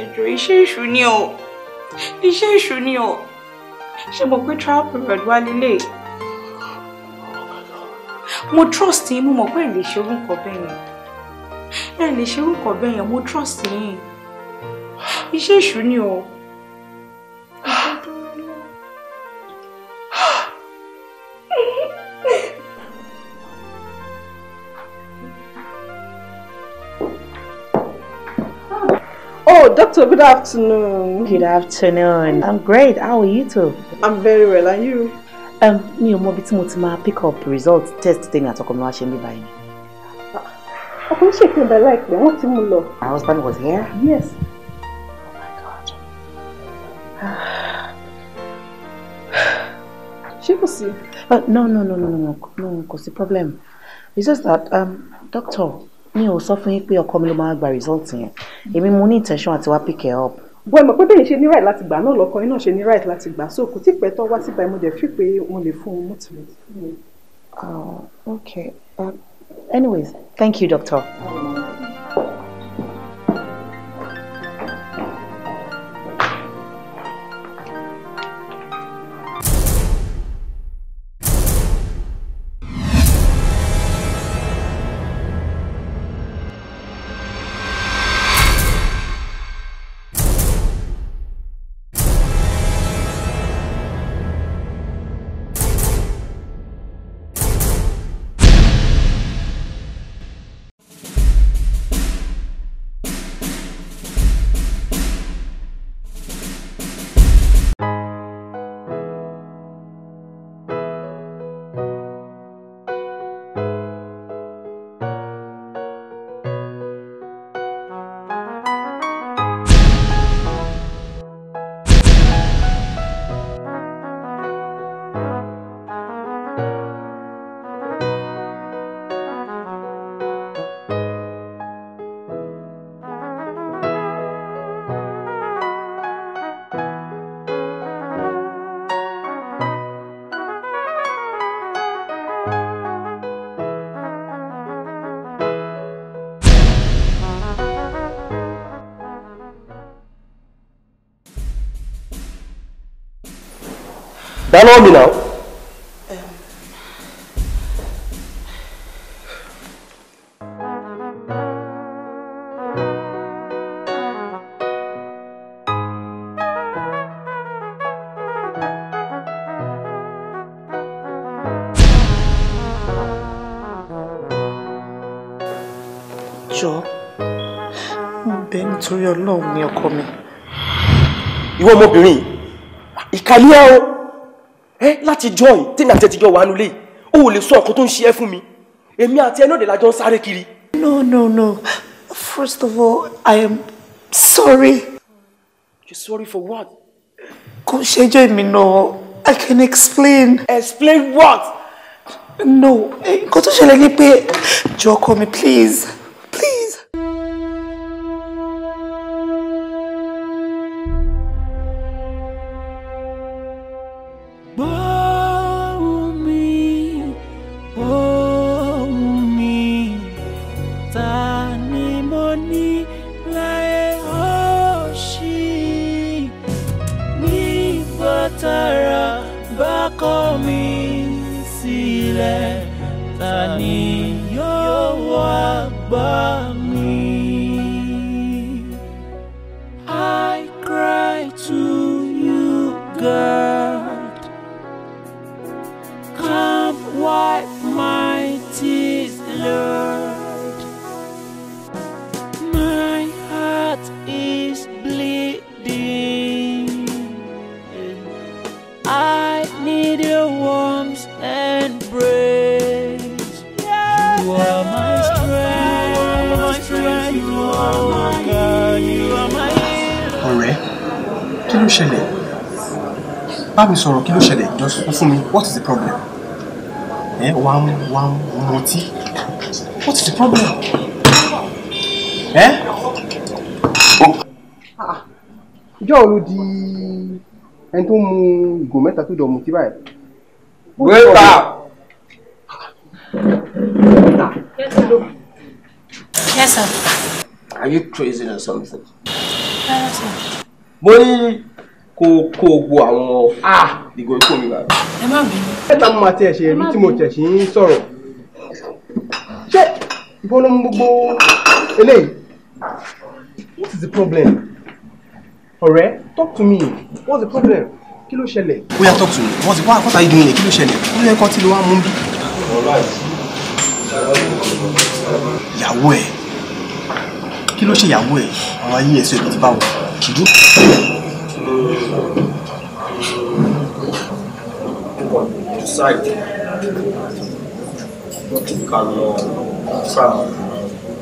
ẹjọ́ iṣẹ́ èṣù ni o iṣẹ́ èṣù ni o ṣe mọ̀ pé trial period wá lélẹ̀ mo trust yín mo mọ̀ pé ẹ lè ṣe orúkọ bẹ́ẹ̀ yẹn ẹ lè ṣe orúkọ bẹ́ẹ̀ yẹn mo trust yín iṣẹ́ ìṣú ni o. Oh, doctor, good afternoon. Good afternoon. I'm great. How are you too? I'm very well. And you? Um, me and mọ bí tí mo pick up results test thing at mi wá ṣe mí wọ́n ṣèpè bẹ̀rẹ̀ láìpẹ́ wọ́n ti mú lọ. my husband was here. yes. oh my god. ṣé kò sí. Uh, no no no no no no kò sí problem it's just that um, doctor mi ò sọ fún yín pé ọkọ mi ló máa gba result yẹn èmi mo ní intention àti wá pick it up bó ẹ mọ̀ pé bẹ́ẹ̀ ṣe ní right láti gbà náà lọ́kàn iná ṣe ní right láti gbà so kò tí pẹ́ tọ́ wá síbà mo dẹ̀ fi pé mo lè fún un mú tìlẹ̀. Uh, Anyways, thank you, Doctor. Wọ́n lọ́wọ́ mi náà. nítorí ọlọ́run ni ọkọ mi. ìwọ ọmọbìnrin ìkàlẹ́ o láti join tèmi àti ti jọ wà nulẹ̀ o ò lè sọ nǹkan tó ń ṣe ẹ́ fún mi èmi àti ẹ náà dé la ń sáré kiri. no no no first of all i am sorry. you sorry for what. kò ṣẹjọ́ èmi náà i can explain. explain what. no eh, nǹkan tó ṣẹlẹ̀ ni pé jọ̀ọ́ kọ́ mi please. ni yóò bá mi sọ̀rọ̀ kí ló ṣẹlẹ̀ jọ sọ fún mi what is the problem ẹ wàá mú wàá mú mọtí what is the problem ẹ. ìjọ ah, òru di ẹni tó mu ìgò mẹ́ta tó dọ̀ mu tí báyìí. wíwá. Yes, sir. Are you crazy or something? No, sir kó kó gbo àwọn ah ìgò ikú mi bàbá. ẹ má bínú. mẹ́ta mo máa tẹ ẹ̀ṣẹ̀ èmi tí mo tẹ̀ sí ń sọ̀rọ̀ ṣé ìbọn ló ń gbogbo eléyìí what is the problem ọ̀rẹ́ talk to me what's the problem kí ló ṣẹlẹ̀. ó yá talk to me wọ́n ti wá àkọ́tà yìí dùn yìí kí ló ṣẹlẹ̀ ó yẹ kó tí ló wá mú bí. ìyàwó ẹ kí ló ṣe ìyàwó ẹ àwọn ayé ẹsẹ ìdọ̀tí báwo kìdú decide ká lọ sáà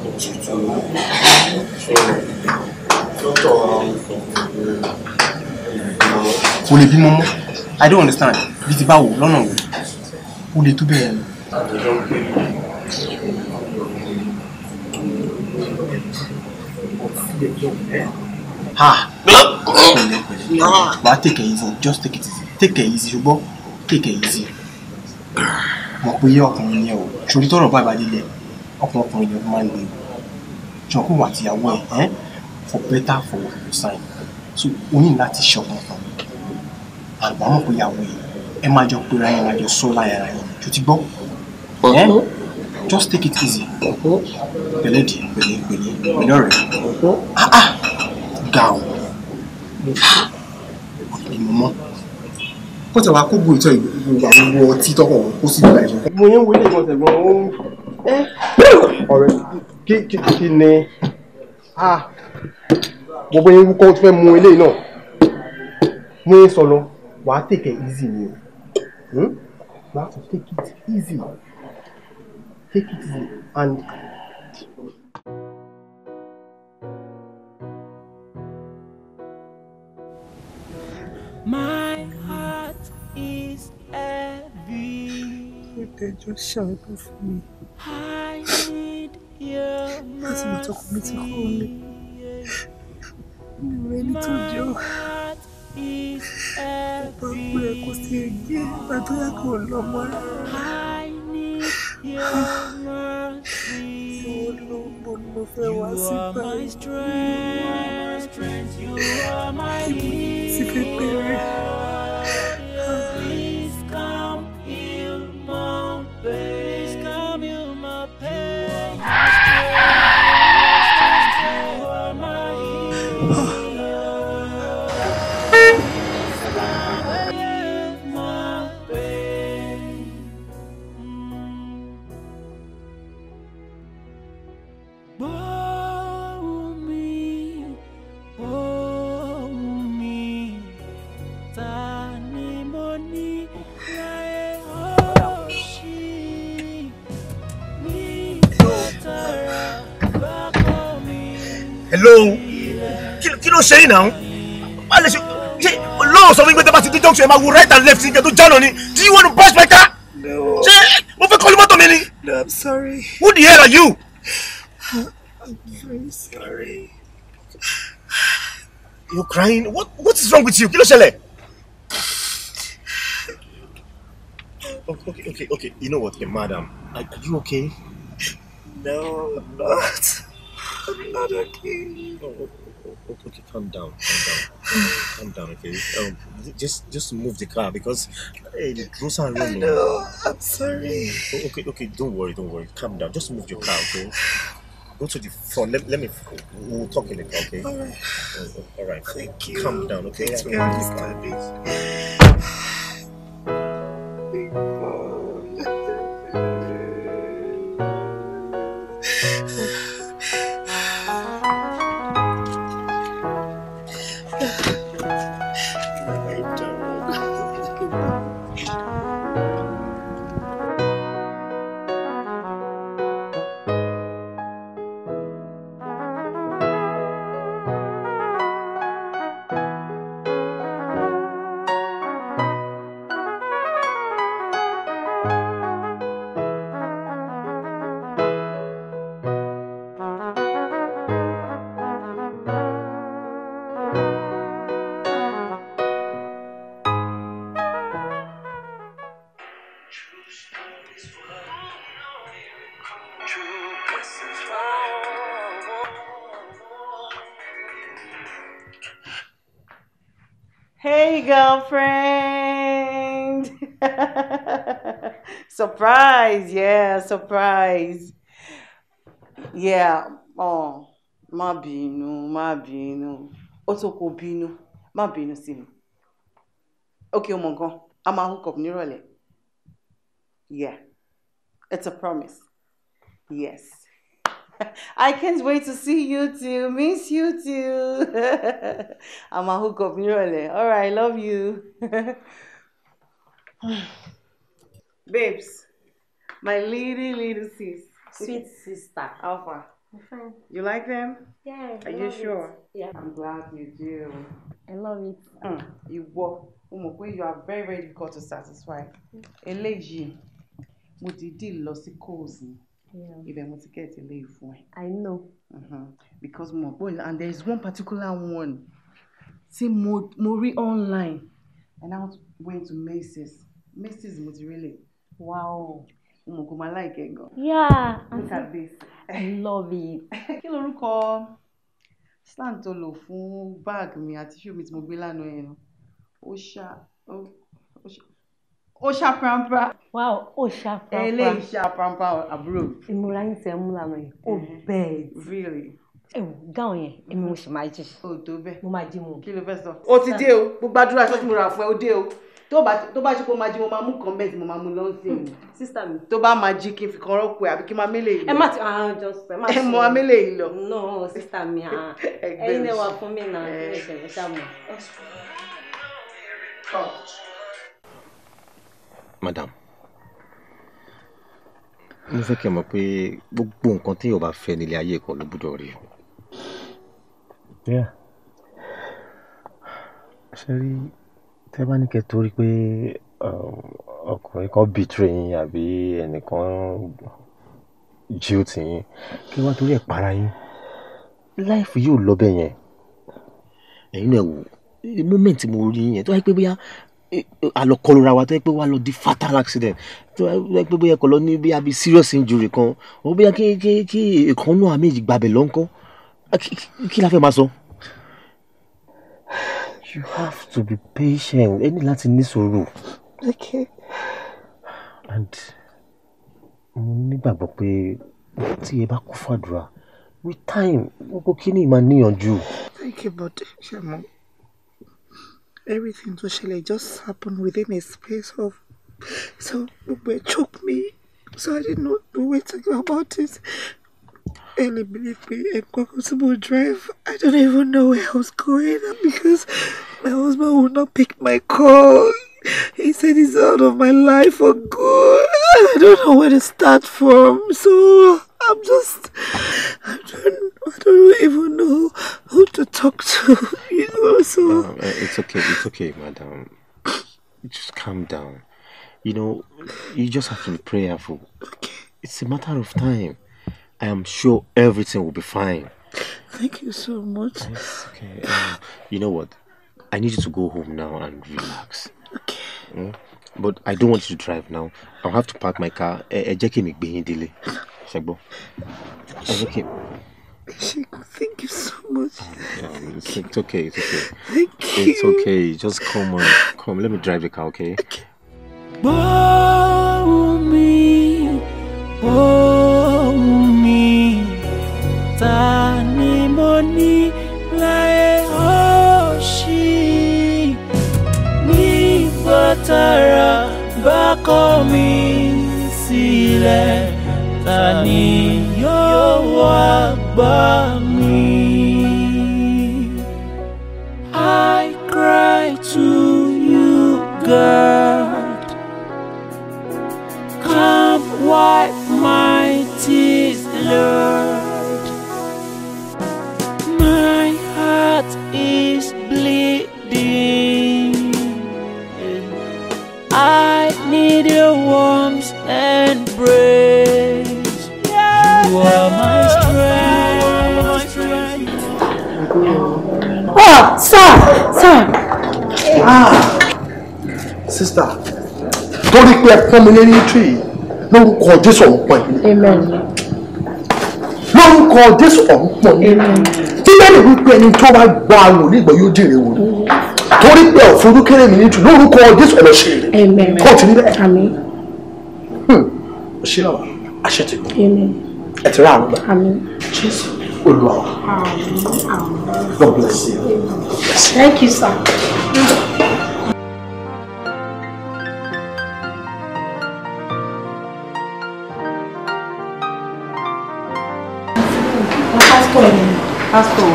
òtútù i don't understand bí ti báwo lọ́nà wo kò lè tó bẹ́ẹ̀ lọ. Thank you. But take it easy just take it easy take it easy ṣùgbọ́n take it easy mọ̀ pé ọkùnrin yẹn o ṣòrí tọrọ bá ìbàdí lẹ ọkùnrin ọkùnrin yẹn máa ń gbé ṣọkùn wà tìyàwó ẹ for better for your sign so o ní láti ṣọkùn kan àgbà mọ̀ pé ìyàwó yẹn ẹ máa jọ pé ráyìn máa jọ sọ láyà ara yẹn tó ti gbọ́ ẹ just take it easy pẹ̀lẹ́ di pẹ̀lẹ́ pẹ̀lẹ́ pẹ̀lẹ́ ah ah ga o ìmọ̀ mọ́ kó tẹ̀ wá kó gbogbo ìtọ́ ìgbogbo àwọn owó ọtí tọkọ̀ kó sì gba ìṣọ̀kan. mo yẹn wo ilé ìwọ̀n tẹ̀gbọ́n ó ń ọ̀rẹ́ kí kí kí ni gbogbo yẹn wúkọ́ tó fẹ́ mu eléyìí náà mo yẹn sọ lọ wàá take it easy ni o hmm? wàá take it easy take it and. My heart is heavy. just Ìdẹ̀jọ́ ṣàánú for me. I need your mercy. Láti mọ̀ tọkọ mi ti kúrò mi. Mi ò rẹ́ni tó You are my sí báyìí. Ibi tí fẹ́ lóhùn kí ló ṣe yín náà má lè ṣe ṣe lóhùn sọ fún mi pé tẹ́ bá ti dé junction ẹ máa wo right and left nǹkan tó jọ́nà ni do you want to burst my car ṣé mo fẹ́ kọ́lu mọ́tò mi ni. no i'm sorry. who the hell are you. i'm very sorry. you're crying what what is wrong with you kí ló ṣẹlẹ̀. okay okay okay you know what madam are you okay. no i'm not. I'm not okay. Oh, oh, oh, okay, calm down, calm down, calm down. Okay, um, just just move the car because hey, the rules are wrong. I know. I'm sorry. Okay, okay, don't worry, don't worry. Calm down. Just move your car. Okay. Go to the front. Let, let me. We'll talk in the car. Okay. All right. All right. Thank you. Calm down. Okay. Thanks for Surprise, yeah, surprise. Yeah, oh, má bínú, má bínú. Ó tó kò bínú, má bínú sí mi. Okay, ọmọ nǹkan, a hook up nírọ̀lẹ́. Yeah, it's a promise. Yes. I can't wait to see you too. Miss you too. I'm a hook up nírọ̀lẹ́. All right, love you. babes my little little sis sweet sister alpha fine. you like them yeah are you sure it. yeah i'm glad you do i love it mm, ìwọ o mọ̀ you are very very difficult to satisfy eléyìí mo dìídì lọ sí cozy. Yeah. ibẹ̀ mo ti get eléyìí fún ẹ. i know. Mm-hmm. because mo mọ̀ and there is one particular one tí mo mo rí online and i went to Macy's Macy's mo ti Really wow mo kò máa yeah look at this. i love it. kí lorúkọ slang tó lò fún báàgì mi àti ṣé omi tí mo gbé lánàá yẹn nu ṣá ó ṣá pàmpá. wow ó ṣá pàmpá. eléyìí ṣá pàmpá àbúrò. ìmúra yín tẹ mú lànà yìí ó bẹ́ẹ̀. really ẹwù gáwọn yẹn èmi mo sì máa jí. o tó bẹ́ẹ̀. mo máa jí mu. kí ló fẹ́ sọ. o ti dé o gbogbo àdúrà tó ti múra fún ẹ o dé o tó bá tó bá ṣe kó máa jí mo máa mú kan bẹ́ẹ̀ tí mo máa mú lọ́sìn mi. mi. tó bá máa kí n fi kan rọ́pò ẹ̀ àbí kí n máa mélé yìí lọ. ẹ má ti ah just ẹ má ti. ẹ mọ amélé yìí lọ. no sísá mi ah ẹyin lè wà fún mi náà ẹ ṣẹlẹ ṣàmù. madam mo fẹ́ kí ẹ mọ̀ pé gbogbo nǹkan tí yóò bá fẹ́ nílé ayé kan ló gbúdọ̀ rí ṣe rí Tẹ́ bá ní kẹ́ torí pé, um, ọkùnrin kan betray yín àbí ẹnìkan guilt yín, kí ẹ wá torí ẹ̀ para yín. Life yóò lọ bẹ́ẹ̀ yẹn. Ẹ̀yin náà wò ó. Moment tí mo rí yẹn, tó bá jẹ́ pé bóyá, a lọ kọlu ra wa tó jẹ́ pé ó lọ di fatal accident, tó bá jẹ́ pé bóyá ẹ kàn lọ ní bóyá bí serious injury kan, or bóyá kí, kí, kí ìkan nínú àwa méjèèjì gbabẹ̀ lọ ńkọ́? Kí la fẹ́ máa sọ? You have to be patient. Any Latin is ní sùúrù. Okay. And mo nígbàgbọ́ pé tí ẹ bá with time gbogbo kíní máa níyànjú. Thank you but everything tó ṣẹlẹ̀ just happened within a space of so gbogbo choked me so I didn't know the way to go about it. And they believe me and Drive. I don't even know where I was going uh, because my husband would not pick my call. He said he's out of my life for good. I don't know where to start from. So I'm just, I don't, I don't even know who to talk to. You know, so um, it's okay, it's okay, madam. Just calm down. You know, you just have to be prayerful. Okay. It's a matter of time. I am sure everything will be fine. Thank you so much. It's okay. Um, you know what? I need you to go home now and relax. Okay. Mm? But I don't want you to drive now. I'll have to park my car. Ẹ jẹ́ kí mi gbé yín délé. Ṣẹ́gbọ́. Okay. thank you so much. Oh, yeah, it's, it's, okay, it's okay. Thank it's you. It's okay, just come on. Come, let me drive the car, okay? okay. Bow me, bow sílẹ̀ ta ni yóò wá sir. ah sister torí pé ẹ pọ́n mi lé ní tree lórúkọ jésù ọ̀hún pọ̀ yìí lórúkọ jésù ọ̀hún pọ̀ yìí bíbélì wípé ẹni tó bá gba àrùn nígbà yóò jèrè wò torí pé ọ̀fọ̀dún kéré mi ní tree lórúkọ jésù ọ̀hún ṣe rè kọ́ ti rí bẹ́ẹ̀ hmm. ṣe náà àṣẹ ti kú ẹ ti rà àrùn gbà jésù olúwa God bless you. Thank you, sir.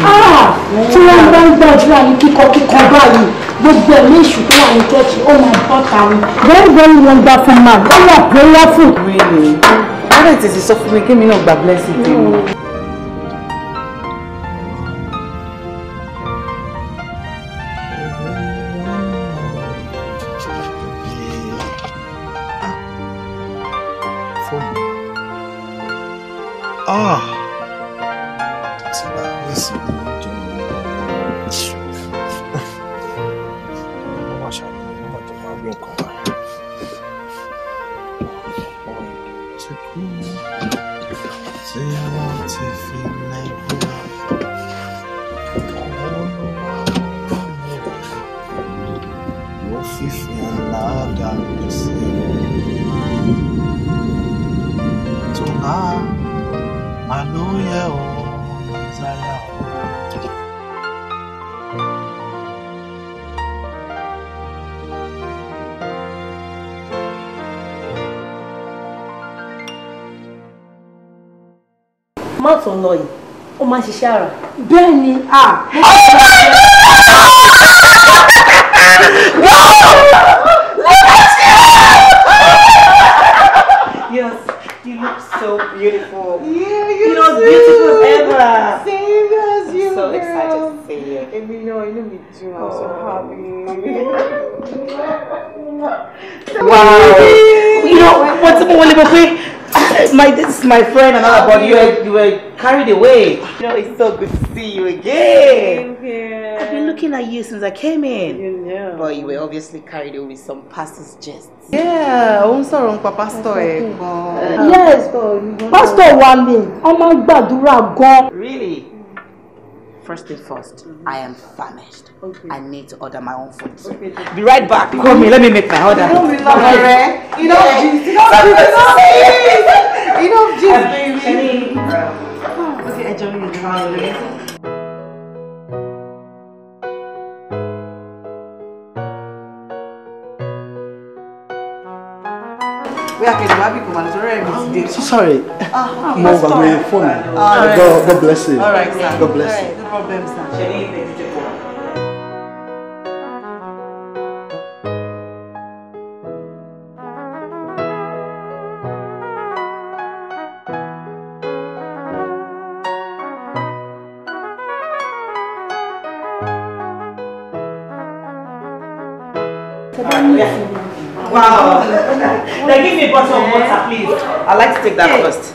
Ah! tí wọ́n bá ń gbàdúrà ní kíkọ́ kíkọ́ báyìí gbogbo ẹ̀mí ìṣù tó wà ní kẹ́ẹ̀kì ó máa bọ́ tàwọn very very wonderful man ó wà prayerful. Really? Wọ́n lè tètè sọ fún mi kí mi náà hallelujah o isaiah o. má tún lọ yìí ó máa ń ṣiṣẹ́ ara. bẹ́ẹ̀ ni a. Yes, you look so beautiful. Yeah beautiful ever. Same as you. I'm so girl. excited to see you. Èmi you know me too. I'm so oh. happy. wow. you know, what's the more wonderful thing? My this is my friend and all, but you were you were carried away. You know, it's so good to see you again. Thank you. I've been looking at you since I came in. You know. But you were obviously carried away with some pastor's jests. Yeah, òun sọ̀rọ̀ nípa pastor ẹ̀ gan uh, Yes, pásítọ̀ wa ni, wọ́n máa ń Really? Mm. First thing first, mm-hmm. I am famished. Okay. I need to order my own food. Okay. Be right back. Call me. Let me make my order. Don't be loving it. Enough juice. Enough juice. Enough juice, baby. Enough juice, baby. 애정이 들어가고 그래서 Sorry. Ah, no, More with phone. Right. God, God bless you. All right, God bless you. no problem, sir. Wow. now give me a bottle of water, please. I'd like to take that first.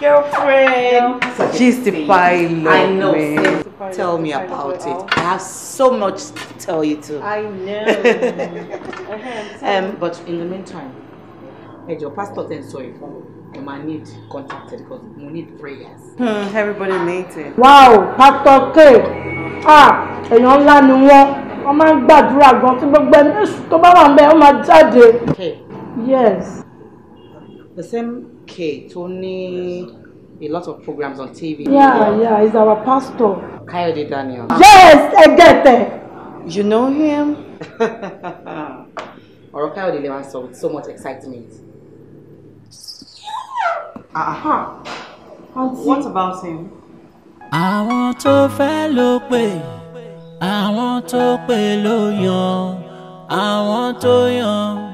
Girlfriend. Girlfriend. She's the pilot. I know. Man. Tell me about it. I have so much to tell you too. I know. Uh-huh. um, but in the meantime, hey, your pastor then saw you um, I need contacted because we need prayers. Hmm, everybody needs it. Wow, Pastor K. Ah, èèyàn ńlá ni wọ́n wọ́n máa ń gbàdúrà gan tí gbogbo ẹni èṣù tó bá wà bẹ́ẹ̀ ó máa jáde. yes. the same care tó ní a lot of programs on TV. yeah yeah, yeah he's our pastor. Kayode Daniel. yes ẹgẹtẹ. you know him. ọ̀rọ̀ Kayode lè máa sọ with so much excitement. Uh huh. what about him. àwọn tó fẹ́ ló pè é àwọn tó pè ló yan àwọn tó yan.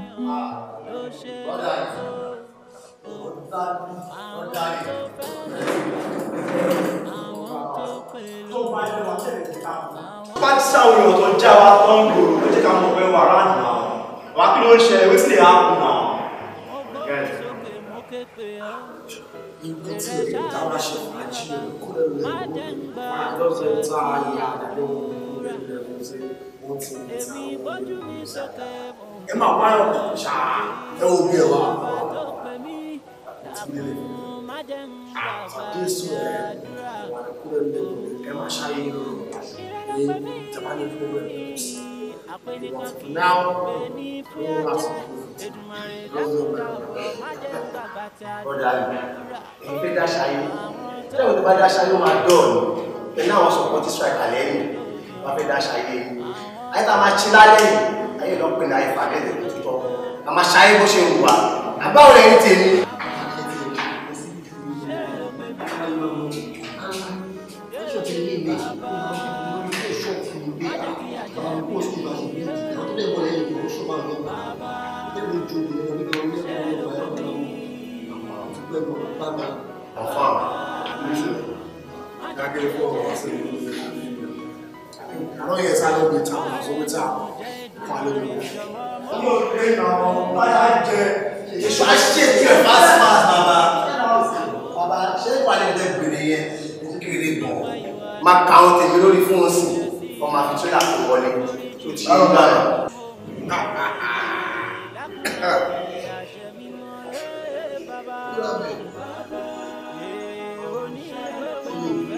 pátísà orí ọ̀tọ̀ já wa tó ń gbòòrò ló jẹ́ ká mọ̀ pé wàrà nà ọ́ wà kí ló ń ṣe wí sílẹ̀ ààbò nà ọ́. Ibi tí èdè ṣe máa ń ṣe kúrò lè wọ́n, lọ́sẹ̀ tá a yà lọ́wọ́ ẹ máa wá ẹ̀rọ tó ṣá ẹ ò bí ẹ wá àtàdésù ẹ wà ní kúrò ní ẹ máa ṣáyé lóru ní tẹ̀wá ní kúrò ní now we will ask you ọ̀dà ẹ̀fẹ́ dáṣáyé tẹ́wọ̀n tó bá dáṣáyé máa dọ̀ọ̀nù ẹ̀ náà wọ́n sọ̀kọ́ ti strike àlẹ́ yìí wọ́n fẹ́ dáṣà ayé yìí ayé tá a máa ṣe lálẹ́ ayé lọ pè ní ayé fàgẹ́dẹ̀ tuntun a máa ṣayé bó ṣe wù wá àbáwò rẹ̀ ń tèmi. Enfin, monsieur, d'accord pour moi, c'est Anọ yẹ sáré omi ta ọ̀nà sọ wíta fún alẹ́ mi. Ọmọ òkè náà báyà jẹ. Èso àṣìṣe ẹ bá sí máa bàbá. Bàbá ṣé wà ní ẹgbẹ́ gbèrè yẹn ó kéré bọ̀. Má ka àwọn tèmi lórí fún wọn sìn. Ọmọ àfi tó yà wọlé. Tó ti yí báyìí. Thank you.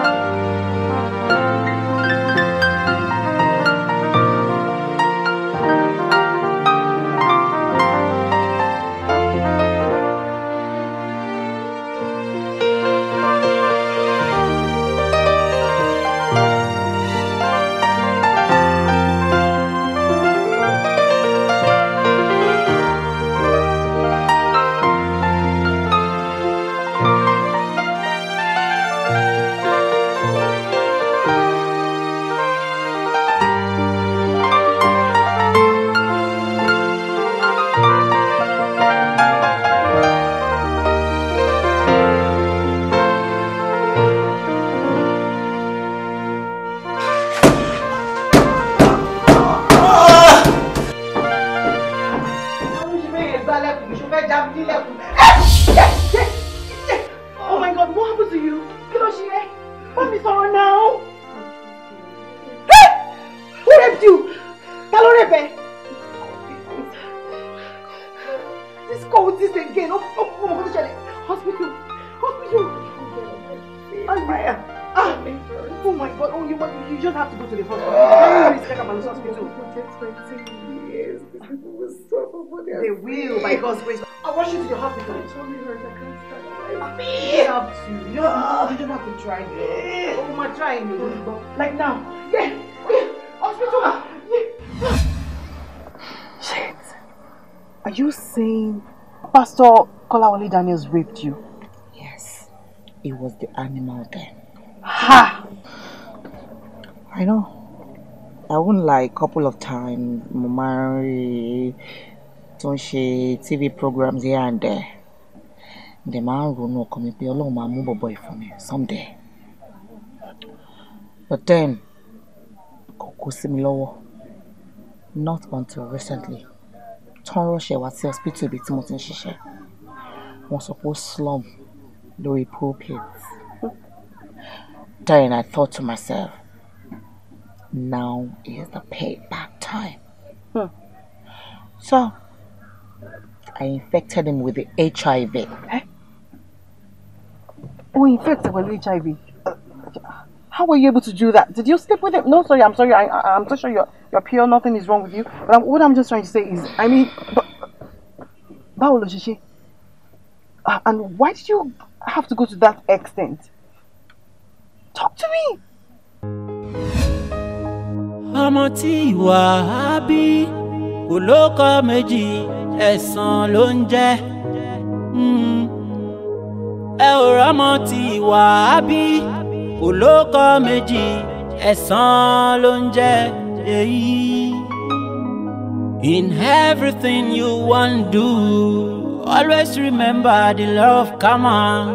Thank you. to the hospital. When you respect about the hospital? They will, by God's grace. I want you to the hospital. It's only hurt. I can't stand You have to. You do ah. you don't have to try. Girl. Eh. Oh, my trying. Mm. Like now. Yeah. Yeah. Hospital. Ah. Yeah. Shit. Are you saying Pastor Kolawole Daniels raped you? Yes. It was the animal then. Ha! I know. I won't lie, couple of times mo máa ń TV programs here and there. The man will not come. ọkàn mi pé Ọlọ́run máa mú bọ̀bọ́ someday. But then, kò kó sí mi Not until recently. Tán rush wá sí hospital ibi tí mo ti ń ṣiṣẹ́. Wọ́n sọ pé ó Then I thought to myself. now is the payback time. Hmm. So, I infected him with the HIV. Eh? Oh, infected with HIV? Uh, how were you able to do that? Did you sleep with him? No, sorry, I'm sorry. I, am so sure you're, you're pure. Nothing is wrong with you. But I'm, what I'm just trying to say is, I mean, Baolo uh, and why did you have to go to that extent? Talk to me! ọmọ tí ìwà á bí kò lóko méjì ẹ̀san ló ń jẹ́ hmm. ẹ ò rọ́mọ tí ìwà bí kò méjì ẹ̀san ló ń jẹ́ èyí. In everything you wan do, always remember the love. Come on.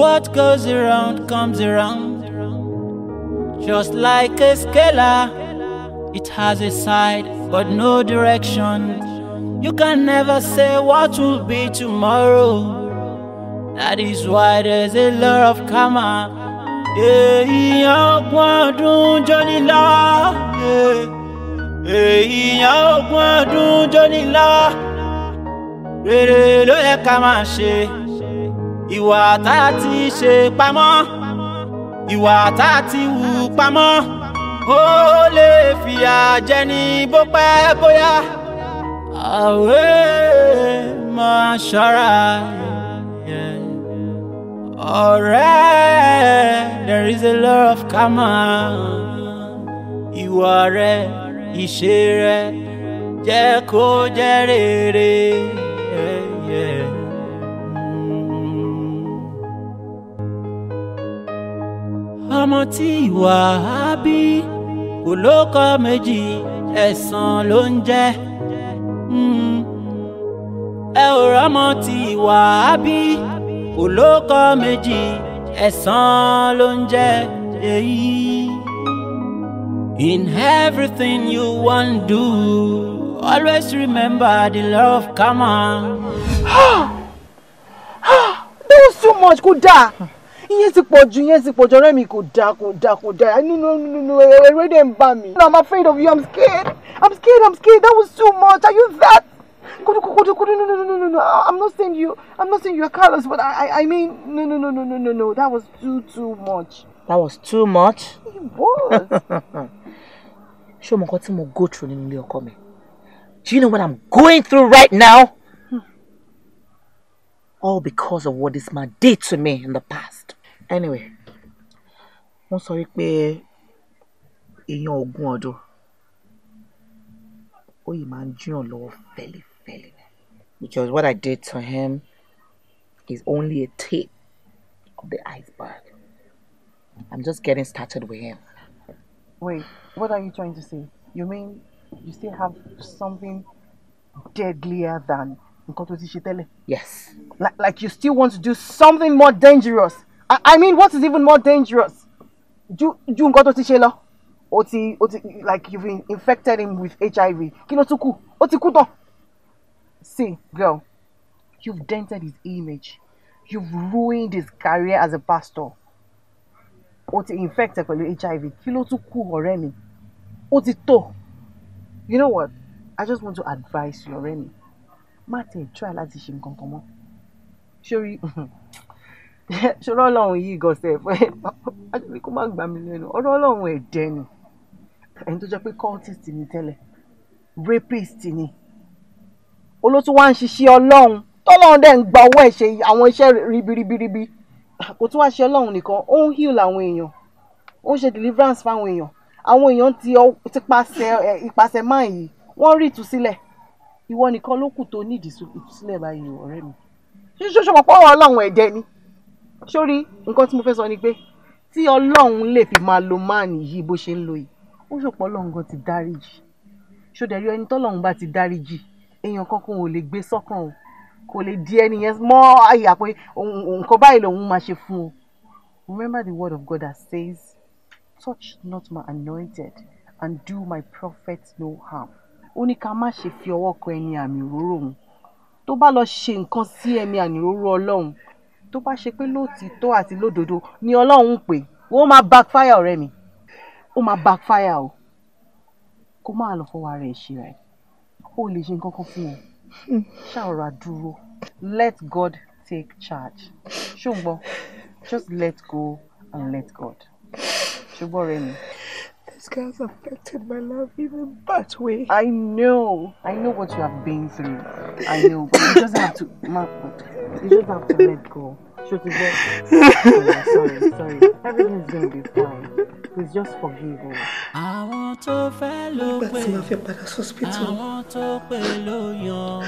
What goes around comes around. Just like a scalar, it has a side but no direction. You can never say what will be tomorrow. That is why there's a lot of karma. Èèyàn ogún ọdún jóni lọ. Èèyàn ogún ọdún jóni lọ. Rere ló yẹ ká máa ṣe. Ìwà tá a ti ṣe pamọ́. ìwà tá a ti hù pamọ́ ó lè fìyà jẹni bó pẹ́ bóyá àwé máa ṣọ́ra ọ̀rẹ́ there is a lot of karma ìwà rẹ ìṣe rẹ jẹ́ kó jẹ́ rere. Yeah, yeah. ọmọ tí ìwà á bí kò lóko méjì ẹ̀san ló ń jẹ́ hmm. ẹ ò rọ́mọ tí ìwà á bí kò lóko méjì ẹ̀san ló ń jẹ́ èyí. In everything you want do, always remember the love. Come on. Ah, ah. That was too much kò dáa ìyẹn ti pọ̀ jù ìyẹn ti pọ̀ jù ọ̀rẹ́ mi kò dáa kò dáa kò dáa nínú nínú eré dẹ̀ ń bà mí. I'm afraid of you I'm scared I'm scared I'm scared that was too much are you that. Kudu kudu kudu no no no no no no I'm not saying you I'm not saying you are callous but I I I mean no no no no no no no that was too too much. That was too much. It was. Ṣé o mọ nǹkan tí mo go through nínú ilé ọkọ mi? Do you know what I'm going through right now? All because of what this man did to me in the past. anyway wọ́n sọ wípé èèyàn ogún ọdún ó yìí máa ń jiyàn lọ́wọ́ fẹ́lifẹ́li because what I did to him is only a tip of the iceberg. I'm just getting started with him. Wait, what are you trying to say? You mean you still have something deadlier than Yes. Like, like you still want to do something more dangerous? I, mean what is even more dangerous ju ju nǹkan tó ti ṣe lọ o ti o ti like you've been infected him with HIV kí ló tún ti kú see girl you've dented his image you've ruined his career as a pastor o ti infected pẹ̀lú HIV kí ló tún mi ó ti tó you know what I just want to advise you ọ̀rẹ́ Martin, try láti ṣe nǹkan kan mọ́ sórí. ṣọlọ Ọlọ́run yìí gọsẹ fún ẹ ajọbí kó má gbà mí lẹ́nu ọ̀rọ̀ Ọlọ́run ẹdẹ ni ẹni tó jẹ pé cultist ni tẹ́lẹ̀ rapist ni olótú wa ń ṣiṣẹ́ Ọlọ́run tọ́lọ́run dẹ̀ ń gba owó ẹ̀ ṣe àwọn iṣẹ́ ribiribiribi kò tún wá ṣe Ọlọ́run nìkan ó ń heal àwọn èèyàn ó ń ṣe deliverance fáwọn èèyàn àwọn èèyàn ti pàṣẹ ìpàṣẹ máa yìí wọ́n rí ìtúsílẹ̀ ìwọ nìkan ló kù tó ní ìdìsú ìtúsílẹ̀ báyìí ọ̀rẹ́ mi ṣíṣe ṣọmọ pọ́wọ́ Ọlọ́run ẹ̀jẹ̀ ni sórí nǹkan tí mo fẹ́ sọ ni pé tí ọlọ́run lè fi máa lo máàní yìí bó ṣe ń lo yìí ó ṣòpọ̀ ọlọ́run gan ti dáríjì ṣòdẹ̀rí ẹni tọ́lọ́run bá ti dáríjì èèyàn kankan ò lè gbé sọ́kàn o kò lè di ẹni yẹn mọ́ àyà pé nǹkan báyìí lòun máa ṣe fún o. Remember the word of God that says, touch not my anointed and do my prophet no harm. ó ní ká má ṣe fi ọwọ́ kan ẹni àmì òróró òun tó bá lọ ṣe nǹkan sí ẹ̀mí àmì òróró ọlọ́run tó bá ṣe pé lóòtítọ́ àti lódodo ni ọlọ́run pè ó máa backfire ọ̀rẹ́ mi ó máa backfire o kó máa lọ fọwọ́ ara ẹ̀ ṣe rẹ̀ ó lè ṣe nǹkan kan fún ọ ṣàrọ̀rà dúró let God take charge ṣùgbọ́n just let go and let God ṣùgbọ́n ọ̀rẹ́ mi. This girl's affected my life a bad way. I know. I know what you have been through. I know. But you just have to. You just have to let go. Should you just. Sorry, sorry. Everything's going to be fine. Please just forgive me. I want to follow you. Nígbà tí to fi padà sọ́spítù. Àwọn tó pé ló yan.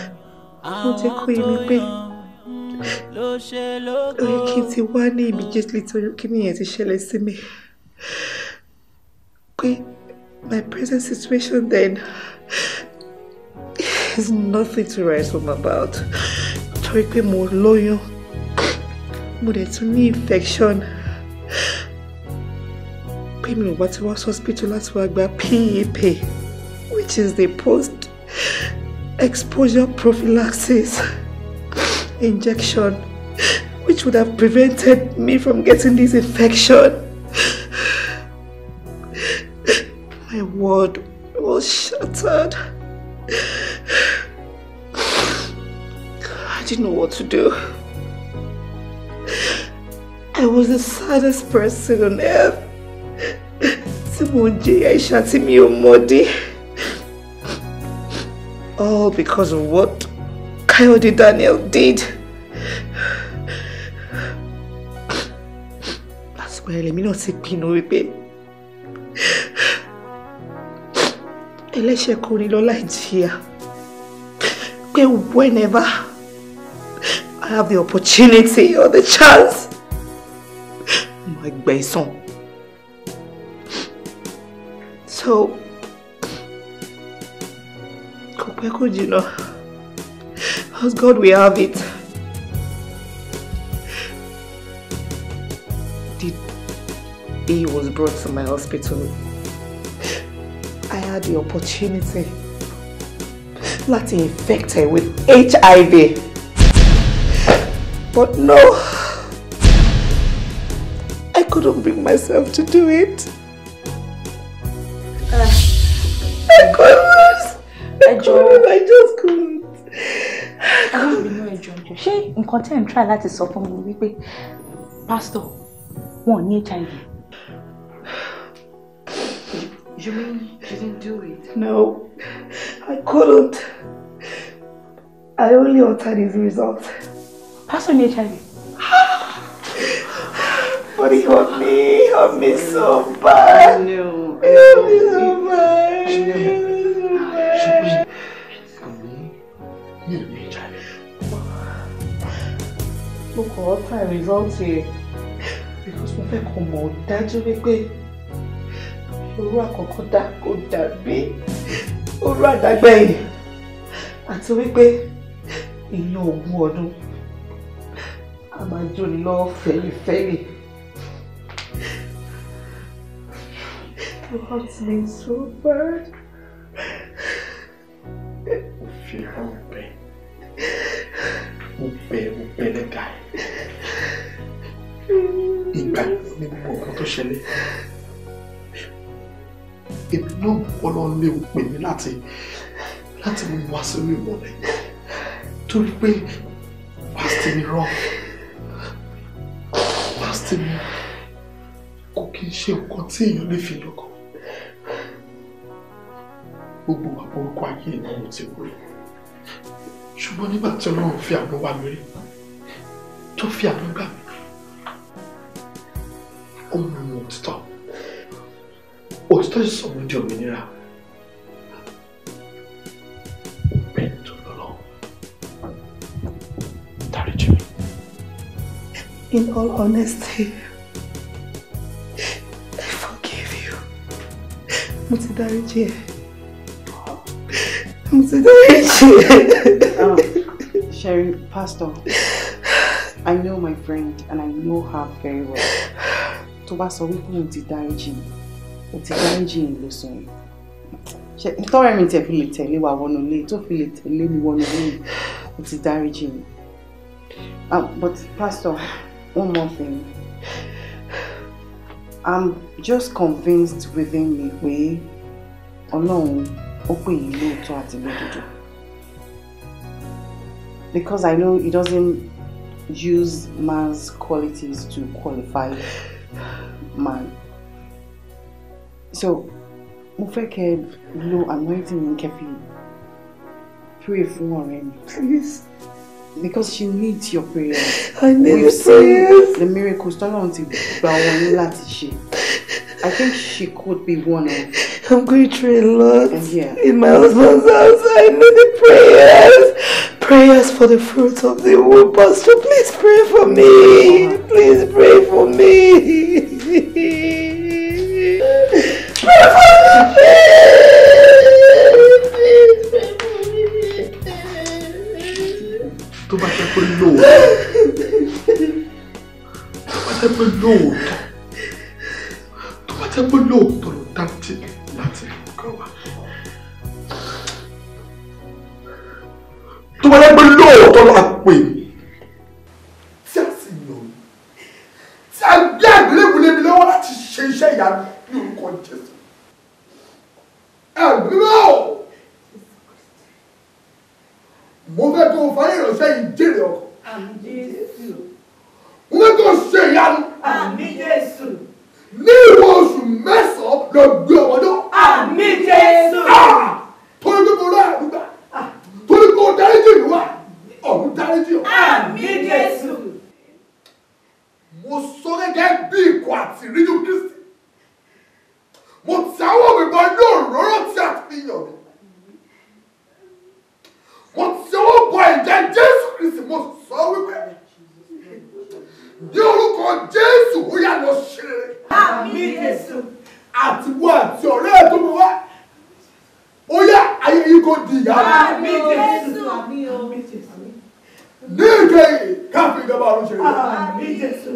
Àwọn tó yan. Mo mm, jẹ́ kó yé mi pé. Ló ṣe lógo. Ó yẹ kí n ti wá ní immediately torí kí nìyẹn ti ṣẹlẹ̀ sí mi. my present situation then is nothing to write home about. Torí pé mo more mo dẹ̀ tún infection. Pé mi ò bá ti hospital láti wá by PEP which is the post exposure prophylaxis injection which would have prevented me from getting this infection. world was shattered. I didn't know what to do. I was the saddest person on earth. Tí I ń jìyà ìṣá tí All because of what Coyote Daniel did. Àsìkò ẹ̀rẹ̀ mi not ti pinnu wípé ẹlẹ́ṣẹ̀ kò ní lọ láì pé whenever I have the opportunity or the chance máa gba ẹ̀san. So kò pẹ́ kò jìnnà as God we have it. he was brought to my hospital had the opportunity láti infect her with HIV. But no, I couldn't bring myself to do it. Uh, I couldn't. I couldn't. I just couldn't. ṣé nǹkan tẹ́ ń try that sọ fún mi wípé pásítọ̀ wọn ò ní HIV. You mean didn't do it? No, I couldn't. I only altered his results. Pass on HIV. but he hurt me. He hurt me so bad. I He hurt me so bad. I know. Mo kọ̀ ọ́ ta results yẹn because mo fẹ́ kó mọ̀ dájú wípé òru àkọ́kọ́ dá kó dàbí òru àdágbẹ̀yìn àti wípé ìyẹn ogún ọdún a máa jóni lọ́wọ́ fẹ́lifẹ́li. You hurt me so bad. Fi hàn bẹ́ẹ̀, mo bẹ̀ mo bẹ̀ lẹ́dàá. Ìgbà ni mo mọ̀ nǹkan tó ṣẹlẹ̀ èmi náà bọ́lá lé o pè mí láti láti mú wá sínú ìmọ̀lẹ̀ torí pé pásítì mi rọ pásítì mi kò kí n ṣe nǹkan tí èèyàn lè fi lọ́kàn gbogbo àbúrúkọ ayé ìnáwó ti wúrí ṣùgbọ́n nígbà tí ọlọ́run fi àánú wá mi rí tó fi àánú gbà mí ó mú mi òtítọ́ òtítọ́ sì sọ wọ́n di òmìnira bẹ́ẹ̀ tó In all honesty I forgive you mo ti dáríjì ẹ mo ti Sherry, Pastor, I know my friend and I know her very well. Toba, bá sọ wípé òun ti dáríjì o ti dáríjì yìí ló sọ yìí ṣe tọ́rẹ́ mi tẹ̀ fi lè tẹ̀lé wa wọnú ilé tó fi lè tẹ̀lé mi wọnú ilé o ti dáríjì yìí um, but pastor one more thing i'm just convinced within me pé ọlọ́run ó pè yín lóòótọ́ àti lódodo because i know he doesn't use man's qualities to qualify man so mo fẹ́ kẹ́ lo anointing yẹn fi pray fún ọ̀rẹ́ mi. please. because she needs your prayers. I need We've prayers. seen the miracles tọ́lọ́run ti gbà wọ́n ní láti ṣe. I think she could be one of. I'm going through a lot yeah. in my husband's house. I need prayers. Prayers for the fruits of the womb. Pastor, please pray for me. Uh-huh. Please pray for me. tó bá jẹ́ pé lóòótọ́ tó bá jẹ́ pé lóòótọ́ tó bá jẹ́ pé lóòótọ́ ló dáńtì láti kọ́ wa tó bá jẹ́ pé lóòótọ́ ló á pè mí. ní orúkọ jésù ó yà lọ ṣe rere. àmín jésù. àtiwọ́ àti ọ̀rẹ́ ẹ̀ tó mọ wá ó yà ayé yìí kò di ìyá rẹ̀. jésù. ní ìkẹyìn káfíń ìjọba ọ̀run ṣe rere. àmín jésù.